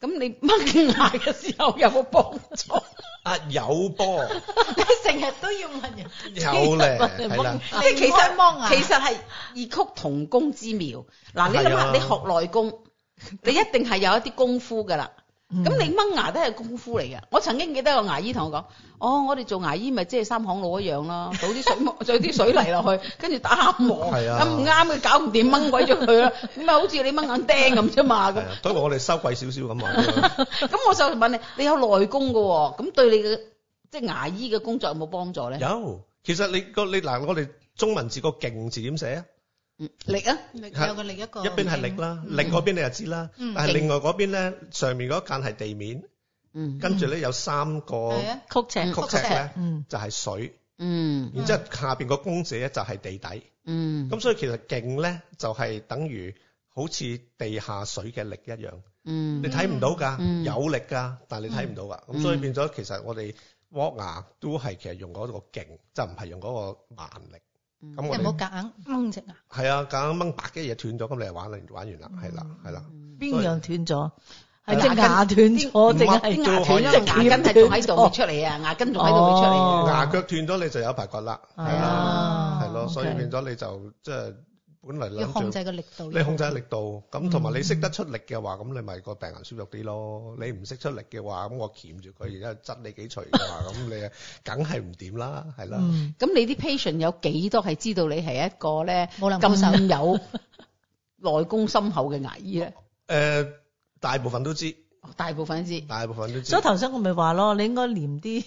你掹牙嘅時候有冇幫助？啊有波，你成 日都要問人，問人有咧，其實望眼，其實係異曲同工之妙。嗱，你諗下，你學內功，你一定係有一啲功夫噶啦。咁你掹牙都係功夫嚟嘅，我曾經記得個牙醫同我講：哦，我哋做牙醫咪即係三行佬一樣咯，倒啲水磨，倒啲水泥落去，跟住打磨。係啊。咁唔啱嘅搞唔掂，掹鬼咗佢啦，咁咪好似你掹眼釘咁啫嘛。咁，所以話我哋收貴少少咁啊。咁我就問你，你有內功嘅喎，咁對你嘅即係牙醫嘅工作有冇幫助咧？有，其實你個你嗱，我哋中文字個勁字點寫啊？力啊，力有個力一個。一邊係力啦、嗯，力嗰邊你就知啦、嗯。但係另外嗰邊咧、嗯，上面嗰間係地面。嗯。跟住咧有三個。啊、嗯嗯。曲尺，曲尺咧、嗯。就係、是、水。嗯。然之後下邊個工字咧就係地底。嗯。咁、嗯、所以其實勁咧就係、是、等於好似地下水嘅力一樣。嗯。你睇唔到㗎、嗯，有力㗎，但係你睇唔到㗎。咁、嗯、所以變咗、嗯、其實我哋 walk 牙都係其實用嗰個勁，就唔係用嗰個蠻力。咁有冇夾硬掹直啊？係啊，夾硬掹白嘅嘢斷咗，咁你係玩啦，玩完啦，係啦，係啦。邊樣斷咗？係隻牙斷，我淨係啲牙斷咗，隻牙根係仲喺度，會出嚟啊！牙根仲喺度，會出嚟。牙腳斷咗，哦、你就有排刮、哦、啦，係啊，係咯，所以變咗你就、啊 okay. 即係。本嚟諗住你控制力度，咁同埋你識得出力嘅話，咁你咪個病人舒服啲咯。你唔識出力嘅話，咁我鉗住佢，而家窒你幾除嘅話，咁你梗係唔掂啦，係啦。咁你啲 patient 有幾多係知道你係一個咧夠手有內功深厚嘅牙醫咧？誒，大部分都知，大部分都知，大部分都知。所以頭先我咪話咯，你應該練啲。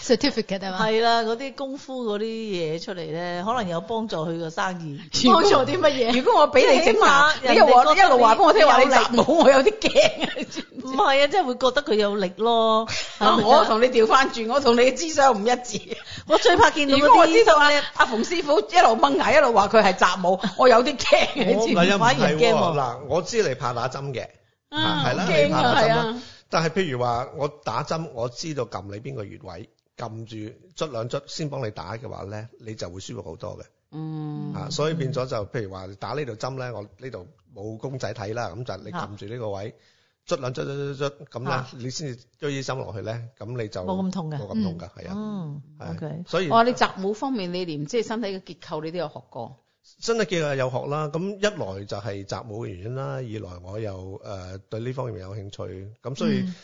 certificate 係嘛，係啦，嗰啲功夫嗰啲嘢出嚟咧，可能有幫助佢個生意。幫助啲乜嘢？如果我俾你整下，一路一路話俾我聽，話你雜舞，我有啲驚。唔係啊，真係會覺得佢有力咯。我同你調翻轉，我同你嘅思想唔一致。 我最怕見到。如果我知道阿阿馮師傅一路掹牙，一路話佢係雜舞。我有啲驚。你知唔係喎。嗱、啊，我知你怕打針嘅，係、啊、啦，你怕啦。但係譬如話我打針，我知道撳你邊個穴位，撳住捽兩捽先幫你打嘅話咧，你就會舒服好多嘅。嗯、啊，所以變咗就譬如話打呢度針咧，我呢度冇公仔睇啦，咁就你撳住呢個位捽兩捽捽捽捽咁啦，你先至追醫生，落去咧，咁你就冇咁痛嘅，冇咁痛嘅，係啊。嗯、哦，okay。所以哇，我話你習武方面你連即係身體嘅結構你都有學過。真係幾係有學啦，咁一來就係習武嘅原因啦，二來我又誒、呃、對呢方面有興趣，咁所以、嗯、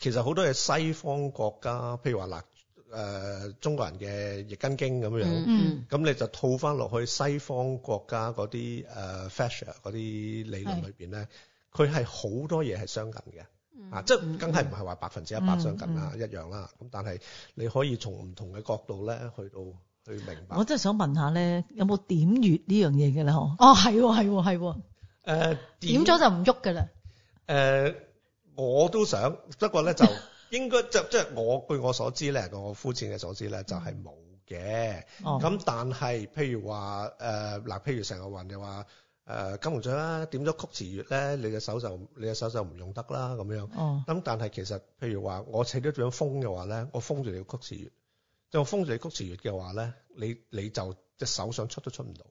其實好多嘢西，西方國家，譬如話嗱、呃、中國人嘅易筋經咁樣樣，咁、嗯嗯、你就套翻落去西方國家嗰啲誒 fashion 嗰啲理論裏面咧，佢係好多嘢係相近嘅、嗯，啊、嗯、即係梗係唔係話百分之一百相近啦、嗯、一樣啦，咁但係你可以從唔同嘅角度咧去到。明白，我真係想問下咧，有冇點穴呢樣嘢嘅呢？哦，係喎、啊，係喎、啊，係喎、啊呃。點咗就唔喐嘅啦。誒、呃，我都想，不過咧就應該即即係我據我所知咧，我膚淺嘅所知咧就係冇嘅。哦。咁但係譬如話誒嗱，譬如成、呃、個運又話誒金龍掌啦，點咗曲池穴咧，你嘅手就你嘅手就唔用得啦咁樣，哦。咁但係其實譬如話我請咗掌風嘅話咧，我封住你個曲池穴。就封住你曲池穴嘅話咧，你你就隻手想出都出唔到。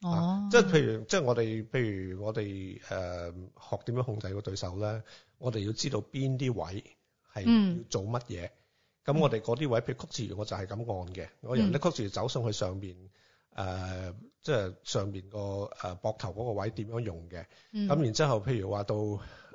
哦、oh. 啊，即係譬如，即係我哋，譬如我哋誒、呃、學點樣控制個對手咧，我哋要知道邊啲位係要做乜嘢。咁、mm. 我哋嗰啲位，譬如曲池穴，我就係咁按嘅。Mm. 我又啲曲池穴走上去上邊，誒、呃，即係上邊個誒膊頭嗰個位點樣用嘅。咁、mm. 然之後，譬如話到。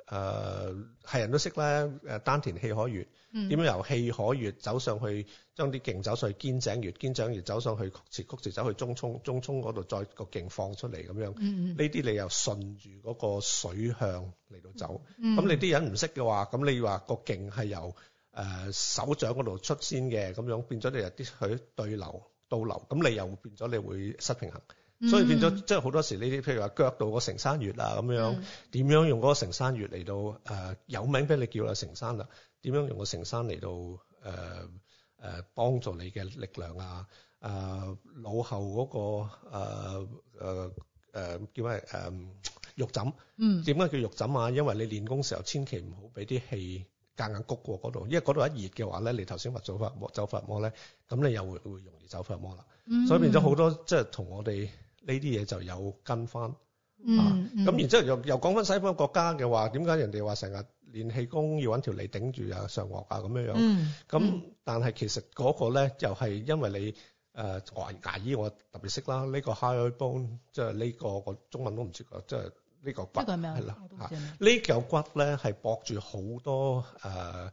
誒係人都識咧，誒丹田氣海穴，點、嗯、樣由氣海穴走上去，將啲勁走上去肩井穴，肩井穴走上去曲，曲池曲池走去中衝中衝嗰度再個勁放出嚟咁樣。呢啲你又順住嗰個水向嚟到走，咁、嗯、你啲人唔識嘅話，咁你話個勁係由誒、呃、手掌嗰度出先嘅，咁樣變咗你有啲去對流倒流，咁你又變咗你會失平衡。所以變咗，即係好多時呢啲，譬如話腳度個成山穴啊咁樣，點樣用嗰個成山穴嚟到有名俾你叫成山啦？點樣用個成山嚟到誒誒幫助你嘅力量啊、呃？腦後嗰、那個誒、呃呃、叫咩誒、呃？肉枕點解、嗯、叫肉枕啊？因為你練功時候千祈唔好俾啲氣夾硬谷過嗰度，因為嗰度一熱嘅話咧，你頭先早走法走法魔咧，咁你又會容易走法魔啦、嗯。所以變咗好多，即係同我哋。呢啲嘢就有根翻，嗯，咁、嗯啊、然之後又又講翻西方國家嘅話，點解人哋話成日練氣功要搵條脷頂住啊上顎啊咁樣樣，咁、嗯嗯嗯、但係其實嗰個咧又係因為你誒牙、呃、牙醫我特別識啦，呢、這個 hyoid bone 即係呢個個中文都唔知個，即係呢個骨，即係、啊這個呢嚿骨咧係駁住好多誒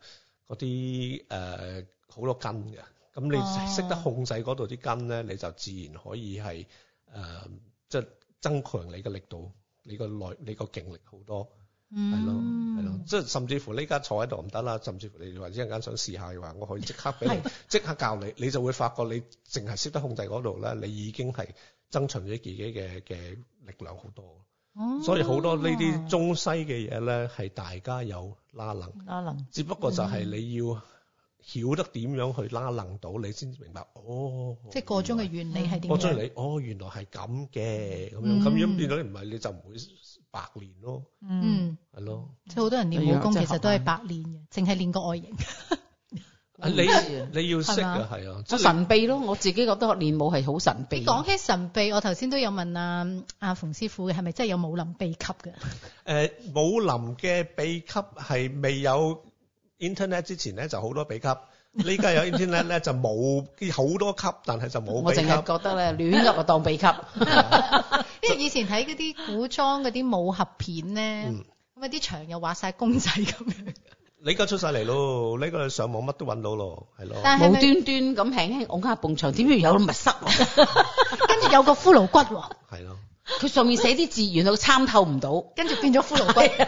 嗰啲誒好多筋嘅，咁你識得控制嗰度啲筋咧、哦，你就自然可以係。誒、嗯，即係增強你嘅力度，你個內你個勁力好多，係、嗯、咯係咯，即係甚至乎呢家坐喺度唔得啦，甚至乎你或者一陣間想試下嘅話，我可以即刻俾你即 刻教你，你就會發覺你淨係識得控制嗰度咧，你已經係增長咗自己嘅嘅力量好多、嗯。所以好多呢啲中西嘅嘢咧，係大家有拉能拉能，只不過就係你要。嗯曉得點樣去拉楞到你先至明白哦，即係個中嘅原理係點樣？我中意你哦，原來係咁嘅咁樣，咁樣變咗你唔係你就唔會白練咯。嗯，係咯。即係好多人練武功其實都係白練嘅，淨係練個外形。啊、你 你，你要識嘅係啊，神秘咯！我自己覺得練武係好神秘的。你講起神秘，我頭先都有問阿阿馮師傅嘅，係咪真係有武林秘笈嘅？誒、呃，武林嘅秘笈係未有。Internet 之前咧就好多秘笈，呢 家有 Internet 就冇好多級，但係就冇秘笈。我淨係覺得咧亂入當秘笈， 因為以前睇嗰啲古裝嗰啲武俠片呢，咁啊啲牆又畫曬公仔咁樣。 你而家出曬嚟咯，呢個上網乜都搵到囉。但係好端端咁輕輕㧬下埲牆，牆，點知有密室喎、啊？跟 住 有個骷髏骨喎。係咯，佢上面寫啲字，原來參透唔到，跟 住變咗骷髏骨，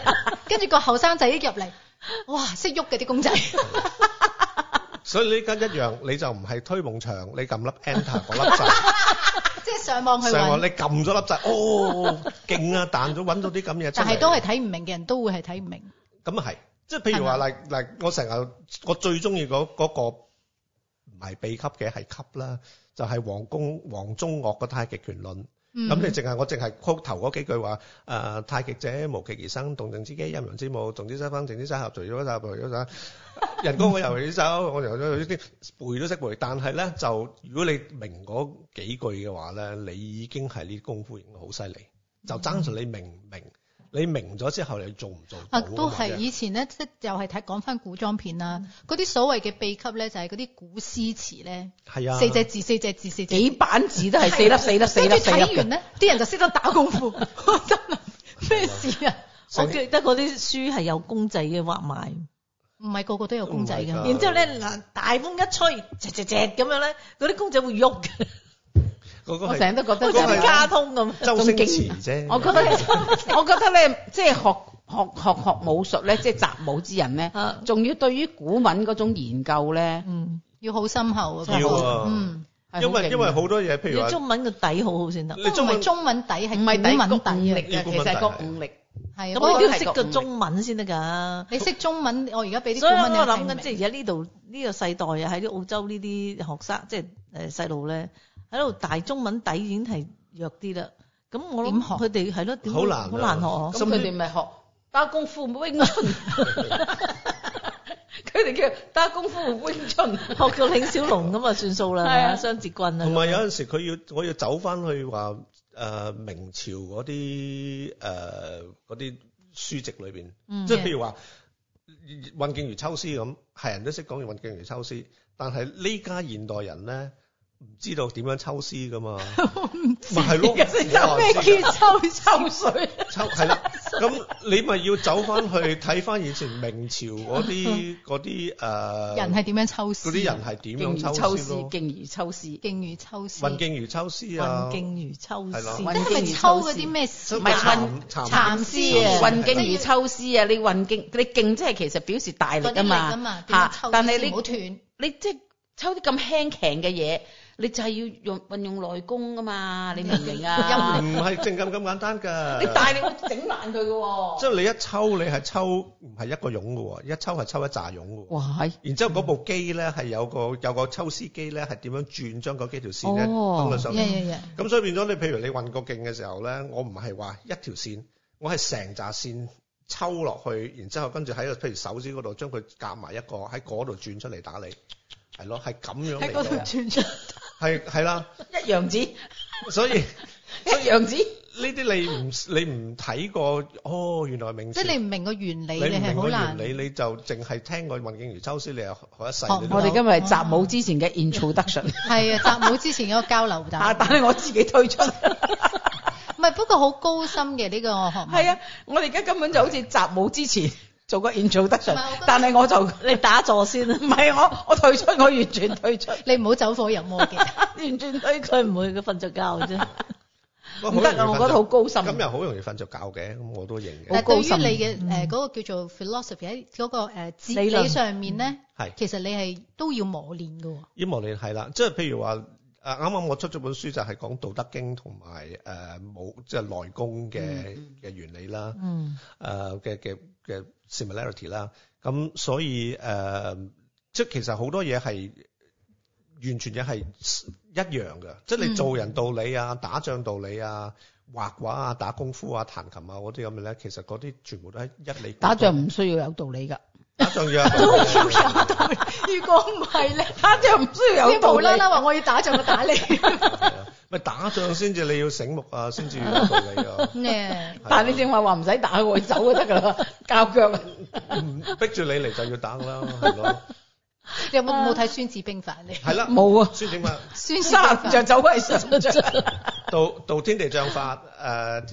跟 住個後生仔一入嚟。哇！識喐嘅啲公仔， 所以呢間一樣，你就唔係推夢牆，你撳粒 enter 嗰粒掣，即 係上網去上網你了，你撳咗粒掣，哦勁啊彈咗，揾到啲咁嘢，但係都係睇唔明嘅人，都會係睇唔明。咁啊係，即係譬如話，嗱嗱，我成日我最中意嗰個唔係秘笈嘅係笈啦，就係王公王宗岳個《太極拳論》。咁、嗯、你淨係我淨係曲頭嗰幾句話，呃，太極者無極而生，動靜任人之機，陰陽之母，動之生分，靜之生合，聚咗散，聚咗散，人工我又起手， 我又都背都識背，但係呢，就如果你明嗰幾句嘅話呢，你已經係啲功夫型好犀利，就爭在你明唔明？嗯你明咗之後，你做唔做？啊，都係以前咧，即係又係睇講翻古裝片啦，嗰啲所謂嘅秘笈咧，就係嗰啲古詩詞咧，係啊，四隻字、四隻字、四字幾版字都係四粒、啊、四粒、啊、四粒。跟住睇完咧，啲人就識得打功夫。我真係咩事啊？我、okay. 記得嗰啲書係有公仔嘅畫埋，唔係個個都有公仔嘅。Oh、然之後咧嗱，大風一吹，啫隻啫咁樣咧，嗰啲公仔會喐。那個、我成日都覺得好似卡通咁，周星馳啫、那個。我覺得咧， 我覺得咧，即、就、係、是、學學學學武術咧，即、就、係、是、習武之人咧，仲 要對於古文嗰種研究咧，嗯，要好深厚啊，嗯，哦、嗯很的因為因為好多嘢，譬如中文嘅底好好先得。你中文底係底文底啊、那個那個，其實係國文力，係啊，我都要識個中文先得㗎。你識中文，我而家俾啲古文你聽。所以我諗緊，即係而家呢度呢個世代啊，喺啲澳洲呢啲學生，即係誒細路咧。呃喺度大中文底已經係弱啲啦，咁我諗學佢哋係咯，點好難學哦。咁佢哋咪學打功夫、詠春，佢 哋叫打功夫、詠春， 學到李小龍咁啊，算數啦，雙截棍啊。同埋有陣時佢要我要走翻去話誒、呃、明朝嗰啲誒啲書籍裏邊、嗯，即係譬如話運勁如抽絲咁，係人都識講，要運勁如抽絲，但係呢家現代人咧。唔知道點樣抽絲噶嘛 是是？唔係咯，有咩叫抽 抽水？抽係啦，咁 你咪要走翻去睇翻以前明朝嗰啲嗰啲誒人係點樣抽？嗰啲人係點樣抽絲？勁如抽絲，勁如抽絲，運勁如抽絲啊！勁如抽絲，係咯，即係咪抽嗰啲咩絲？唔係蠶絲啊！運勁如抽絲啊！ 你運勁，你勁即係其實表示大力啊嘛嚇！但係你即係。抽啲咁輕強嘅嘢，你就係要運用運用內功噶嘛，你明唔明啊？唔係淨咁咁簡單噶。 你帶你整爛佢噶喎。即係你一抽，你係抽唔係一個絨噶，一抽係抽一紮絨噶。哇！然之後嗰部機咧係有個有個抽絲機咧係點樣轉將嗰幾條線咧咁、哦、上。咁所以變咗你，譬如你運個勁嘅時候咧，我唔係話一條線，我係成紮線抽落去，然之後跟住喺個譬如手指嗰度將佢夾埋一個喺嗰度轉出嚟打你。係咯，係咁樣嚟喺嗰度轉出，係係啦。是 一樣子，所以，所以 一樣子。呢啲你唔你唔睇過，哦，原來名。即係你唔明個原理好難。你唔明個原理，你就淨係聽個運勁如抽絲，你又好一世。我哋今日係習武之前嘅 introduction。係啊，習 武 之前嗰個交流但係、 啊，但係我自己退出。唔 係，不過好高深嘅呢、這個學問係啊，我哋而家根本就好似習武之前。做個 intro 得順，但係我就 你打坐先啦，唔係我 我退出，我完全退出， 你唔好走火入魔嘅， 完全退出唔會瞓着覺嘅啫。唔得 我覺得好高深。咁又好容易瞓着覺嘅，咁我都認嘅、嗯。但係對於你嘅嗰、嗰個叫做 philosophy 喺嗰個誒哲理上面咧、嗯，其實你係都要磨練㗎喎。要磨練係啦，即係、就是、譬如話啱啱我出咗本書就係講道德經同埋誒即係內功嘅嘅原理啦，嘅嘅嘅。呃 Similarity 啦，咁所以誒、呃，即係其實好多嘢係完全嘢係一樣嘅、嗯，即係你做人道理啊、打仗道理啊、畫畫啊、打功夫啊、彈琴啊嗰啲咁嘅咧，其實嗰啲全部都係一理，理。打仗唔需要有道理㗎。打仗要啊。都 要有道理， 如果唔係咧，打仗唔需要有道理。即 無啦啦話我要打仗就打，去打你。咪打仗先至你要醒目啊，先至有道理啊。咩、 啊？但你正話話唔使打，我走就得噶啦，交腳、啊。逼住你嚟就要打啦，係咪、啊？啊啊啊啊、有冇冇睇《孫子兵法》你？係 啦，冇啊，《孫子兵法》呃。《孫子兵法》道天地將法，誒，《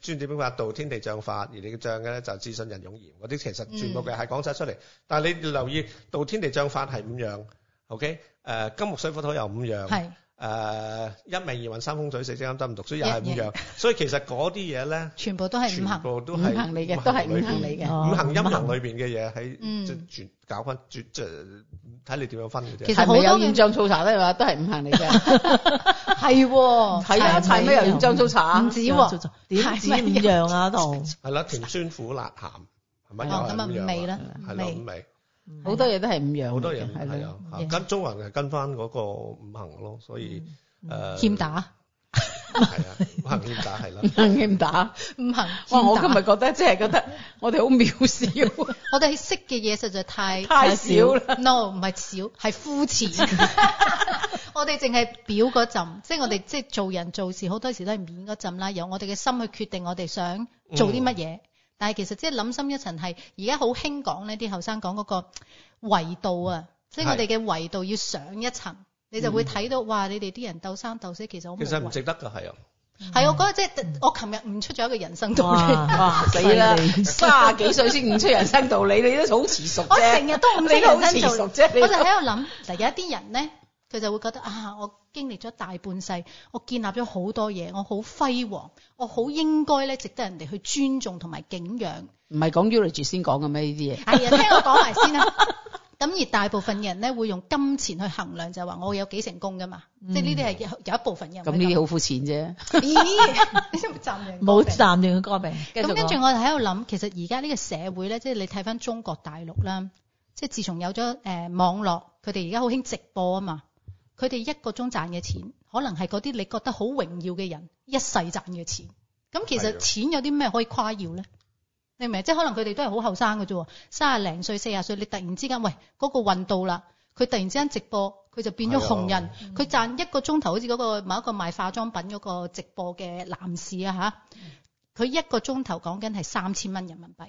孫子兵法》道天地將法。而你嘅將咧就智信仁勇嚴，嗰啲其實全部嘅係講晒出嚟。但係你留意道天地將法係五樣，OK？誒、呃，金木水火土又五樣。係。誒、uh, 一命二運三風水四，啱唔讀書，所以又係五樣，yeah, yeah. 所以其實嗰啲嘢咧，全部都係五行，全部都五行嚟嘅，都係五行嚟嘅、哦，五行陰行裏面嘅嘢喺即係轉搞翻，轉即睇你點樣分嘅啫。其實好多現象醋茶咧，係嘛都係五行嚟嘅，係 喎， 係啊，係咩？現象醋茶唔止喎，點五樣啊？同。係 啦，甜酸苦辣鹹係咪咁係五係啦，五味、啊。好多嘢都係五樣，好多嘢係咯。跟中人係跟翻嗰個五行咯，所以誒、嗯呃。欠打係 啊，行欠打係啦，行，打行欠打。五行哇，我今日覺得即係覺得我哋好渺小， 我哋識嘅嘢實在太太少啦。No，唔係少，係膚淺。 我哋淨係表嗰陣，即係我哋即係做人做事好多時都係面嗰陣啦，由我哋嘅心去決定我哋想做啲乜嘢。嗯但係其實即係諗深一層係，而家好興講呢啲後生講嗰個維度啊，即係我哋嘅維度要上一層，嗯、你就會睇到嘩，你哋啲人鬥三鬥四，其實我其實唔值得㗎，係啊，係啊，我覺得即、就、係、是、我琴日悟出咗一個人生道理，死 啦，卅慘幾 歲先悟出人生道理，你都好遲熟啫，我成日都悟唔出人生道理， 我就喺度諗，嗱有一啲人咧。佢就會覺得啊！我經歷咗大半世，我建立咗好多嘢，我好輝煌，我好應該咧，值得人哋去尊重同埋敬仰。唔係講 Ulysses 先講嘅咩？呢啲嘢係啊，聽我講埋先啦。咁 而大部分人咧會用金錢去衡量，就話、係、我有幾成功噶嘛？嗯、即係呢啲係有一部分人，咁呢啲好膚淺啫。咦 ，冇贊揚嘅歌名。咁跟住我喺度諗，其實而家呢個社會咧，即係你睇翻中國大陸啦，即係自從有咗誒網絡，佢哋而家好興直播啊嘛。佢哋一個鐘賺嘅錢，可能係嗰啲你覺得好榮耀嘅人一世賺嘅錢。咁其實錢有啲咩可以誇耀呢？你明唔明？即可能佢哋都係好後生嘅啫，三啊零歲、四啊歲，你突然之間，喂，嗰個運到啦，佢突然之間直播，佢就變咗紅人，佢賺一個鐘頭，好似嗰個某一個賣化妝品嗰個直播嘅男士啊嚇，佢一個鐘頭講緊係三千蚊人民幣。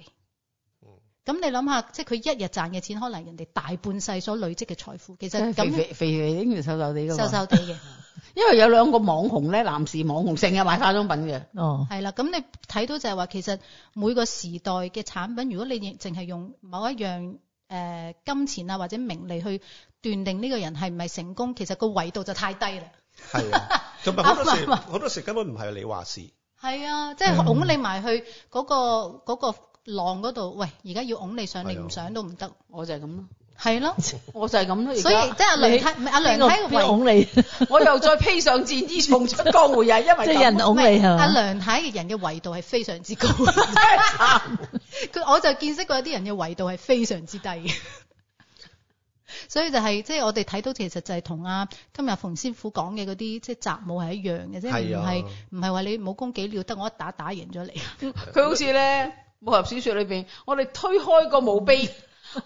咁你諗下，即係佢一日賺嘅錢，可能人哋大半世所累積嘅財富，其實咁肥肥，肥肥瘦瘦哋嘅，瘦瘦哋嘅。 因為有兩個網紅咧，男士網紅成日買化妝品嘅。哦、嗯，係啦，咁你睇到就係話，其實每個時代嘅產品，如果你淨係用某一樣誒金錢啊或者名利去斷定呢個人係唔係成功，其實個維度就太低啦。係、啊，同埋好多時，好 多時，多時根本唔係你話事。係啊，即係拱你埋去嗰個嗰個。嗯，嗰個浪嗰度，喂！而家要拱你上，你唔上都唔得，哎。我就係咁咯。係咯，我就係咁。所以即係阿梁太，阿梁太嘅位置，唔係你。我又再披上戰衣， 重出江湖又人，因為即係、就係、人拱你、啊、阿梁太嘅人嘅維度係非常之高。佢 我就見識過啲人嘅維度係非常之低。 所以就係即係我哋睇到，其實就係同阿今日馮師傅講嘅嗰啲即係雜務係一樣嘅啫，唔係唔係話你武功幾料，得我一打打贏咗你。佢、嗯、好似咧。武俠小說裏邊，我哋推開個墓碑，哇，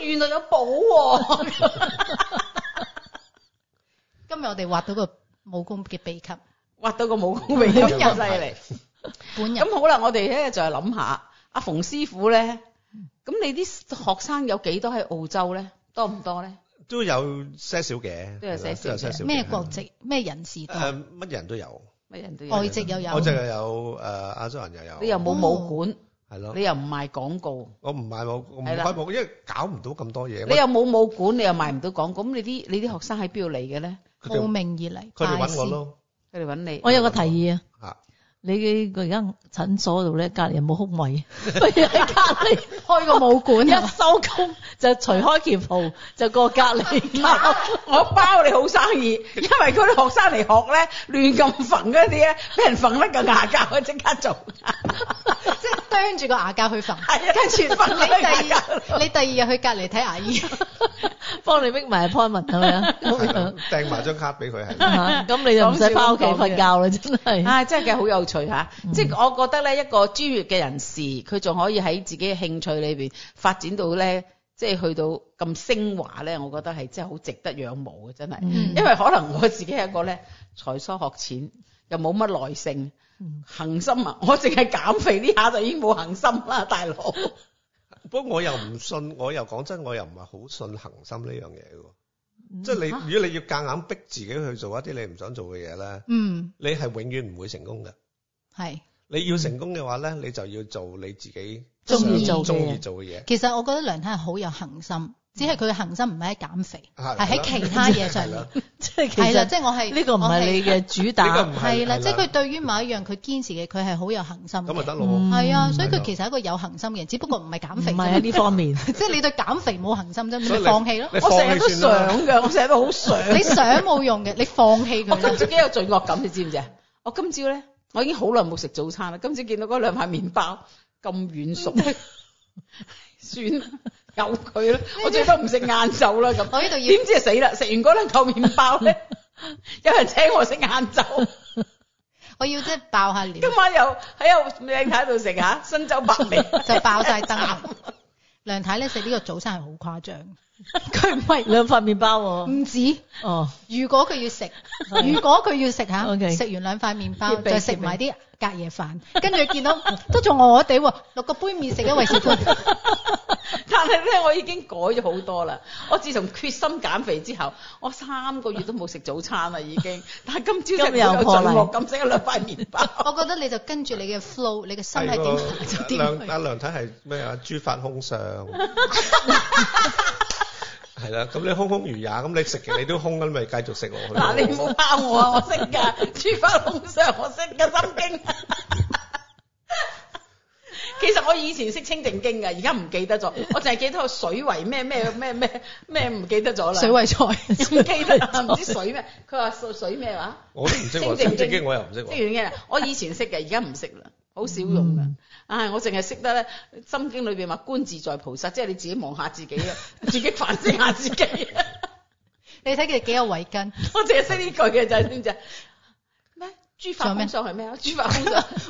原來有寶、啊。 今日我哋畫到個武功嘅秘笈，畫到個武功秘笈嚟犀利。咁 好啦，我哋咧就係諗下，阿馮師傅咧，咁你啲學生有幾多喺澳洲咧？多唔多咧？都有些少嘅，都有些少，咩國籍？咩人士？誒、啊，乜人都有，乜人都有，外籍又有，外籍又有，誒，亞洲人又有，你又冇武館。哦係咯，你又唔賣廣告，我唔賣，我唔賣廣告，因為搞唔到咁多嘢。你又冇武館，你又賣唔到廣告，咁你啲你啲學生喺邊度嚟嘅咧？慕名而嚟，佢哋揾我咯，佢哋揾你。我有個提議啊，你嘅，佢而家診所度咧，隔籬有冇空位？我喺隔籬開個武館，一收工就除開件袍就過隔籬，我包你好生意，因為佢哋學生嚟學咧亂咁揈嗰啲咧，俾人揈甩個牙較，啊！佢即刻做。啄住個牙膠去瞓，跟住你第二 你第二日去隔籬睇牙醫，幫你搣埋 appointment 係咪啊？掟埋張卡俾佢係，咁你就唔使翻屋企瞓覺啦，真係。唉、啊，真係嘅好有趣、啊嗯、即係我覺得咧，一個專業嘅人士，佢仲可以喺自己嘅興趣裏面發展到咧，即係去到咁升華咧，我覺得係真係好值得仰慕嘅，真係、嗯。因為可能我自己係一個咧，才疏學淺又冇乜耐性。恒心啊！我淨係減肥呢下就已經冇恒心啦，大佬。不過我又唔信，我又講真，我又唔係好信恒心呢樣嘢。即係你，啊，如果你要夾硬逼自己去做一啲你唔想做嘅嘢咧，嗯，你係永遠唔會成功嘅。係。你要成功嘅話咧，你就要做你自己中意做嘅嘢。其實我覺得梁太係好有恒心。只係佢嘅恒心唔係喺減肥，係喺其他嘢上面。即係其實係啦，即係、就是、我係呢、這個唔係你嘅主打。係啦，即係佢對於某一樣佢堅持嘅，佢係好有恒心。咁咪得咯。係、嗯、啊，所以佢其實係一個有恒心嘅人，嗯，只不過唔係減肥。唔喺呢方面，即 係你對減肥冇恒心啫，咪放，放棄咯。我成日都想㗎，我成日都好想。 你想冇用嘅，你放棄佢。我今朝自己有罪惡感，你知唔知啊？我今朝咧，我已經好耐冇食早餐啦。今朝見到嗰兩塊麵包咁軟熟， 算啦。有佢啦，我最多唔食晏晝啦咁。我呢度要，點知係死啦？食完嗰兩嚿麵包咧， 有人請我食晏晝， 我要即係爆下臉。今晚又喺有靚太度食下，新洲百味， 就爆曬燈。梁 太咧食呢個早餐係好誇張，佢唔係兩塊麵包喎、啊，唔止。哦，如果佢要食， 如果佢要食下，食完兩塊麵包，必必必必必再食埋啲。隔夜飯，跟住見到都仲餓啲喎，落個杯麵食咗為食。 但係咧，我已經改咗好多啦。我自從決心減肥之後，我三個月都冇食早餐啦，已經。但係今朝朝又罪惡，咁食咗兩塊麵包。我覺得你就跟住你嘅 flow，你嘅心係點就點。阿梁太係咩啊？諸法空相 係啦，咁你空空如也，咁你食嘅你都空咁，咪繼續食落去。嗱，你唔好教我啊，我識噶《諸法空相》，我識《㗎。 心經。》 其實我以前識清《清靜經》噶，而家唔記得咗，我淨係記得水為咩咩咩咩咩唔記得咗啦。水為菜，記得唔知水咩？佢話水咩話？我都唔識《清靜經》，我又唔識。清淨經，我以前識嘅，而家唔識啦，好少用㗎。嗯唉，我淨係識得咧，《心經》裏邊話觀自在菩薩，即係你自己望下自己啊，自己反省下自己。 自己 你睇佢幾有慧根，我淨係識呢句嘅就係：知知「先至咩？諸法空相係咩啊？諸法空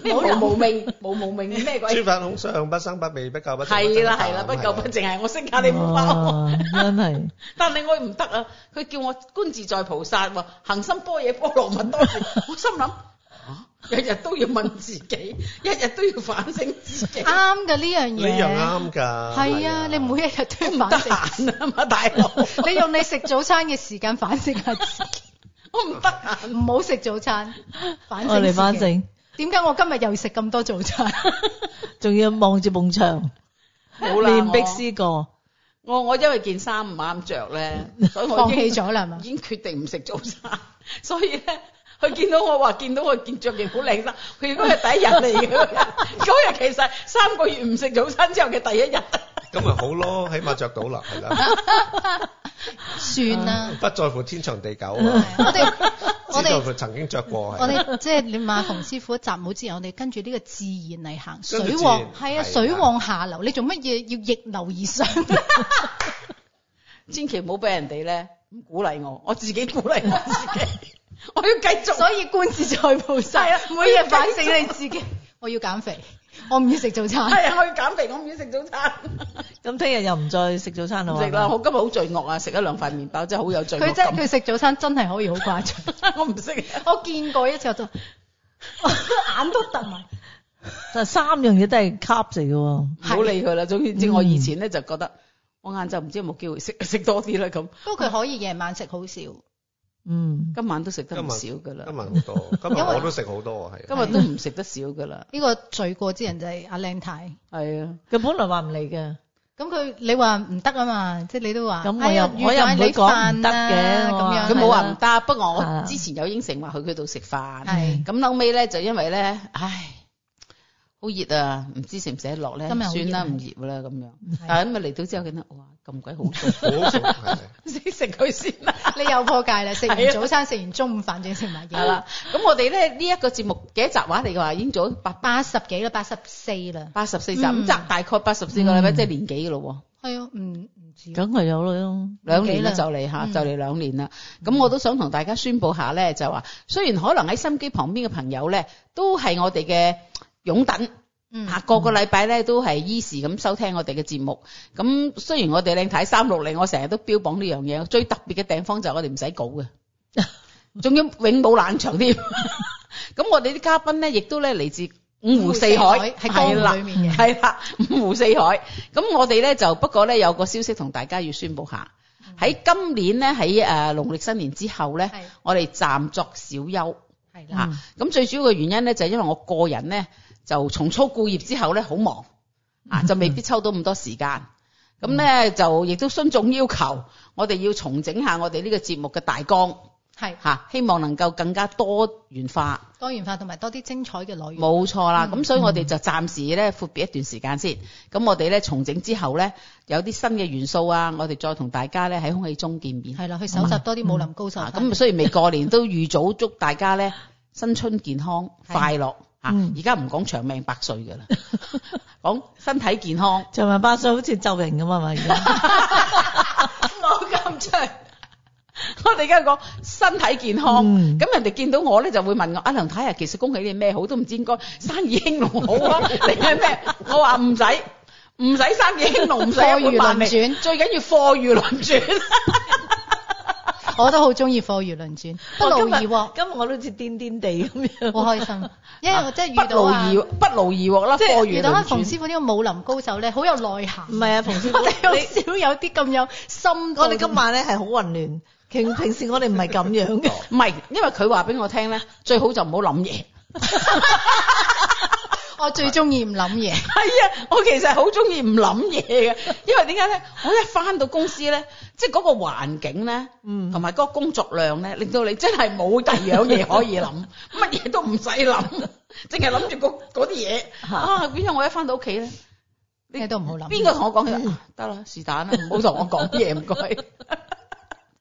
冇無無冇冇無明咩鬼？諸法空相， 諸法空相不生不滅，不垢不淨係啦係啦，不垢不淨係我識下你唔包我，啊、真係。但係我唔得啊，佢叫我觀自在菩薩，行心般若、波羅蜜多時，我心諗。日日都要問自己，日 日都要反省自己。啱嘅呢樣嘢，呢樣啱㗎。係啊，啊，啊，你每一日都要反省。唔得閒啊嘛，大佬！ 你用你食早餐嘅時間反省一下自己，我唔得閒，唔好食早餐。反省我來反省。點解我今日又食咁多早餐？仲要望住埲牆，面 壁思過。我我因為件衫唔啱着咧， 所以我放棄咗啦嘛，已經決定唔食早餐， 所以咧。佢見到我話見到我見著型好靚啦。佢如果係第一日嚟嘅，嗰日其實三個月唔食早餐之後嘅第一日。咁 咪好咯，起碼著到啦，係啦算啦，不在乎天長地久，我哋我哋在乎曾經著過係。 我哋即係你馮師傅一集冇之後，我哋跟住呢個自然嚟行，水往，係啊，水往下流，你做乜嘢要逆流而上？ 千祈唔好俾人哋咧，咁鼓勵我，我自己鼓勵我自己。 我要繼續，所以官注再報晒，每、啊、日反省你自己。 我要減肥，我唔要食早餐。係啊，我要減肥，我唔要食早餐。咁聽日又唔再食早餐咯？食啦，我今日好罪惡啊！食咗兩塊麵包，真係好有罪惡感。佢真佢食早餐真係可以好誇張。 我唔食吃， 我見過一次我就 眼都突埋。就三樣嘢都係卡嚟嘅，唔 好理佢啦。總之，我以前咧就覺得，嗯、我晏晝唔知道有冇機會食食多啲咧咁。不過佢可以夜晚食好少。 嗯，今晚都食得唔少噶啦，今晚好多，今日我 今晚都食好多啊，係，今日都唔食得少噶啦。呢個罪過之人就係阿靚太，係啊，佢本來話唔嚟㗎。咁佢你話唔得啊嘛，即係你都話，咁我又，我又唔會講唔得嘅，咁樣，佢冇話唔得，不過我之前有應承話去佢度食飯，係，咁、啊、後尾咧就因為咧，唉。好熱啊！唔知食唔食得落咧、啊，算啦，唔熱啦、啊、咁樣。但係咁咪嚟到之後，見到哇咁鬼好，食食佢先啦！你又破戒啦，食完早餐，食完中午飯，仲要食埋嘢啦。咁我哋咧呢一、呢個節目幾多集話？你話已經做八八十幾啦，八十四啦，八十四集，五、嗯、集大概八十四個禮拜、嗯，即係年幾嘅咯喎？係啊，唔唔知，梗係有啦，兩年啦就嚟嚇，就嚟兩年啦。咁、嗯、我都想同大家宣佈下咧，就話雖然可能喺心機旁邊嘅朋友咧，都係我哋嘅。擁躉，吓、嗯、個個禮拜咧都係依時咁收聽我哋嘅節目。咁、嗯、雖然我哋靚太三六零，360，我成日都標榜呢樣嘢最特別嘅地方就係我哋唔使稿嘅，仲、嗯、要永冇冷場添。咁、嗯、 我哋啲嘉賓咧亦都咧嚟自五湖四海，喺江湖裏面係啦，五湖四海。咁 我哋咧就不過咧有個消息同大家要宣佈下，喺、嗯、今年咧喺誒農曆新年之後咧，我哋暫作小休吓。咁、嗯啊、最主要嘅原因咧就係、因為我個人咧。就重操故業之後咧，好、嗯、忙啊，就未必抽到咁多時間。咁、嗯、咧就亦都遵總要求，我哋要重整一下我哋呢個節目嘅大綱，係吓、啊，希望能夠更加多元化、多元化同埋多啲精彩嘅內容。冇錯啦，咁、嗯、所以我哋就暫時咧闊別一段時間先。咁我哋咧重整之後咧，有啲新嘅元素啊，我哋再同大家咧喺空氣中見面。係啦，去搜集多啲武林高手。咁、嗯嗯啊、雖然未過年，都預早祝大家咧新春健康 快樂。而家唔講長命百歲噶啦，講 身體健康。長命百歲好似咒人咁啊嘛，而家冇咁出嚟。我哋而家講身體健康。咁、嗯、人哋見到我咧就會問我：阿梁太啊，其實恭喜你咩好都唔知，應該生意興隆好啊，定係咩？我話唔使，唔使生意興隆，唔使貨如輪轉，最緊要貨如輪轉。 我都好中意《貨如輪轉》哦，不勞而獲。今日我都好似癲癲地咁樣，好開心。因為我真係遇到不勞而、啊、不勞而獲啦。即、就、係、是、遇到阿馮師傅呢個武林高手咧，好有內涵。唔係啊，馮師傅， 你我哋好少有啲咁有心。我哋今晚咧係好混亂， 其實平時我哋唔係咁樣嘅。唔係，因為佢話俾我聽咧，最好就唔好諗嘢。 我最中意唔諗嘢，係啊，我其實好中意唔諗嘢嘅，因為點解咧？我一翻到公司咧，即係嗰個環境咧，嗯，同埋嗰個工作量咧，令到你真係冇第二樣嘢可以諗，乜 嘢都唔使諗，淨係諗住嗰嗰啲嘢。 啊，點解我一翻到屋企咧，咩 都唔好諗。邊個同我講嘢？得 啦， 是但啦，唔好同我講嘢，唔該。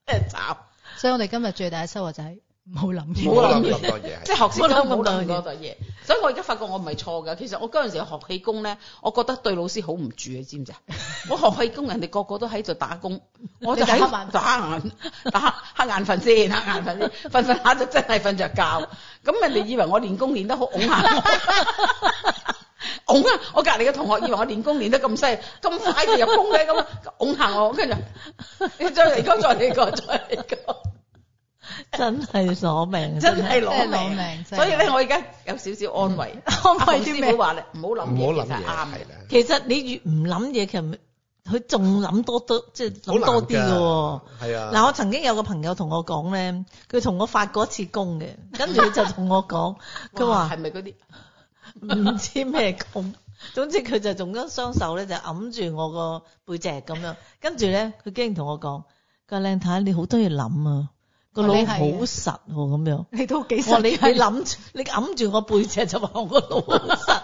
真 係所以我哋今日最大嘅收穫就係、是。冇好諗，唔好諗咁多嘢，即係學識咗咁多嘢，所以我而家發覺我唔係錯噶。其實我嗰陣時學氣功咧，我覺得對老師好唔住，你知唔知啊？我學氣功，人哋個個都喺度打工，我就喺打眼打黑眼瞓先，黑眼瞓先，瞓瞓下就真係瞓着覺。咁人哋以為我練功練得好，㧬下我。 啊、我隔籬嘅同學以為我練功練得咁犀利，咁快就入功咧，咁下、啊、我，跟住你再嚟再嚟再嚟 真係攞命，真係攞命，所以咧，我而家有少少安慰，安慰啲咩？唔好話咧，唔好諗嘢，其實啱嘅。其實你越唔諗嘢，其實佢仲諗多多，即係諗多啲嘅。係啊！嗱，我曾經有個朋友同我講咧，佢同我發過一次功嘅，跟住佢就同我講，佢話係咪嗰啲唔知咩功？總之佢就用咗雙手咧，就揞住我個背脊咁樣，跟住咧，佢竟然同我講，佢話靚太，你好多嘢諗啊！個腦好實哦，咁樣你都幾實？你諗住，你揞住個背脊就話我個腦好實，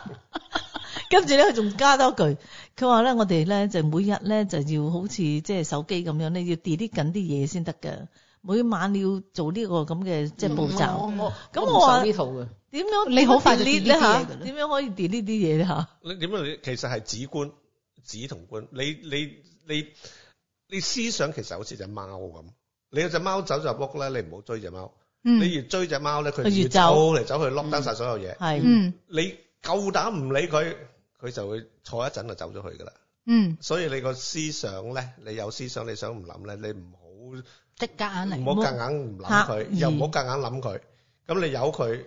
跟住咧，佢仲加多句，佢話咧，我哋咧就每日咧就要好似即係手機咁樣咧要 delete 緊啲嘢，先得嘅，每晚你要做呢個咁嘅即係步驟。咁我話，點樣你好快啲咧吓？點樣可以 delete 呢啲嘢咧吓？你點樣？你其實係指觀指同觀，你你你你思想其實好似隻貓咁。你有隻貓走入屋咧，你唔好追隻貓，嗯。你越追隻貓咧，佢越走嚟，嗯、走，走去，攞翻晒所有嘢。係、嗯。嗯。你夠膽唔理佢，佢就會坐一陣就走咗去噶啦。嗯。所以你個思想咧，你有思想，你想，想，你想唔諗咧，你唔好即刻硬嚟，唔好夾硬唔諗佢，又唔好夾硬諗佢。咁你由佢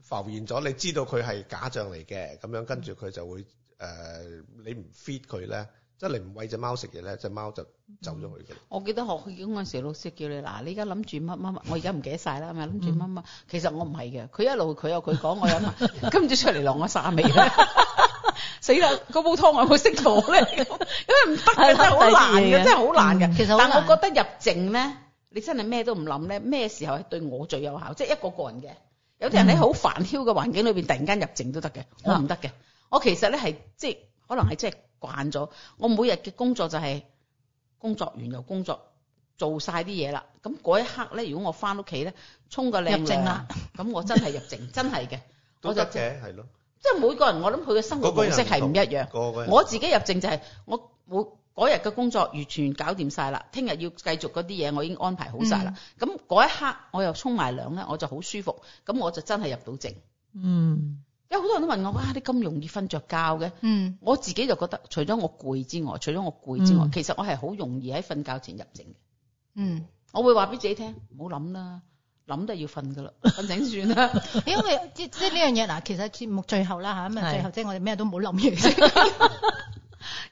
浮現咗，你知道佢係假象嚟嘅，咁樣跟住佢就會誒、呃，你唔 feed 佢咧。一嚟唔餵隻貓食嘢咧，隻貓就走咗去嘅。我記得學佢嗰陣時，老師叫你嗱，你而家諗住乜乜乜，我而家唔記得晒啦。咪諗住乜乜，其實我唔係嘅。佢一路佢有佢講，我， 跟我， 我有我，跟住出嚟晾我煞味啦，死啦！嗰煲湯我有冇熄火咧？因為唔得，真係好難嘅，真係好難嘅、嗯。其實，但係我覺得入靜咧，你真係咩都唔諗咧，咩時候係對我最有效？即係一個個人嘅。有啲人喺好煩囂嘅環境裏邊，突然間入靜都得嘅。我唔得嘅。我其實咧係即係，可能係即係。慣咗，我每日嘅工作就係工作完又工作，做晒啲嘢啦。咁嗰一刻咧，如果我翻屋企咧，沖個涼啦，咁 我真係入靜，真係嘅。多謝係咯。即係、就是、每個人，我諗佢嘅生活模式係唔一樣。我自己入靜就係、是、我我嗰日嘅工作完全搞掂晒啦，聽日要繼續嗰啲嘢，我已經安排好晒啦。咁、嗯、嗰一刻我又沖埋涼咧，我就好舒服。咁我就真係入到靜。嗯。有好多人都問我，哇、啊！你咁容易瞓着覺嘅？嗯，我自己就覺得，除咗我攰之外，除咗我攰之外、嗯，其實我係好容易喺瞓覺前入靜嘅，嗯，我會話俾自己聽，唔好諗啦，諗都要瞓噶啦，瞓醒算啦。 因為即即呢樣嘢嗱，其實節目最後啦吓，咁啊最後是即我哋咩都唔好諗嘅，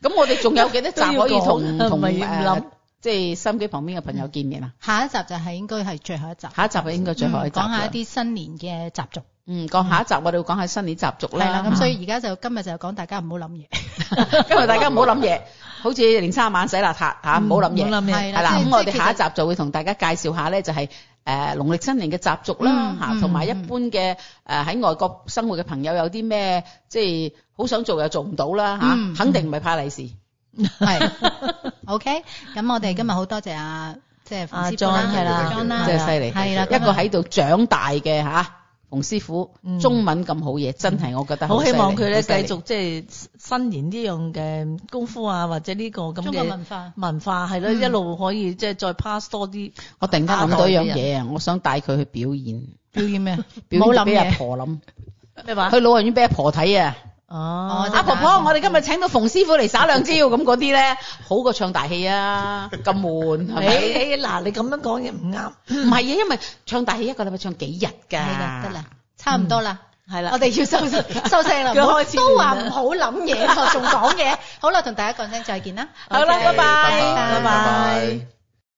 咁 我哋仲有幾多集可以同同誒即心機旁邊嘅朋友見面啊、嗯？下一集就係應該係最後一集，下一集嘅應該最後一集，嗯、講一下一啲新年嘅習俗。嗯嗯，講下一集我哋會講下新年習俗啦。係、嗯、啦，咁所以而家就今日就講大家唔好諗嘢。 今日大家唔好諗嘢，好似年三晚洗邋遢吓，唔好諗嘢。係、啊、啦。咁、嗯、我哋下一集就會同大家介紹下咧、就是，就係誒農曆新年嘅習俗啦吓，同、嗯、埋、啊、一般嘅誒喺外國生活嘅朋友有啲咩即係好想做又做唔到啦吓、啊嗯，肯定唔係派利是。係、嗯、 ，OK、啊。咁我哋今日好多謝阿即係馮師傅係啦，真係犀利，係啦，一個喺度長大嘅吓。啊馮師傅中文咁好嘢、嗯，真係我覺得好希望佢咧繼續即係新年呢樣嘅功夫啊，或者呢個咁嘅文化文化係咯、嗯，一路可以即係再 pass 多啲。我突然間諗到一樣嘢啊，我想帶佢去表演，表演表演咩？唔好諗嘢，去老人院俾阿婆，諗咩話？去老人院俾阿婆睇啊！哦，阿婆婆，我哋今日請到馮師傅嚟耍兩招咁嗰啲咧，好過唱大戲啊，咁悶係咪？嗱，你咁樣講嘢唔啱，唔係嘅，因為唱大戲一個禮拜唱幾日㗎？係啊，得啦，差唔多啦，係啦，我哋要收聲，收聲啦，都話唔好諗嘢，我仲講嘢，好啦，同大家講聲再見啦，好啦，拜拜，拜拜。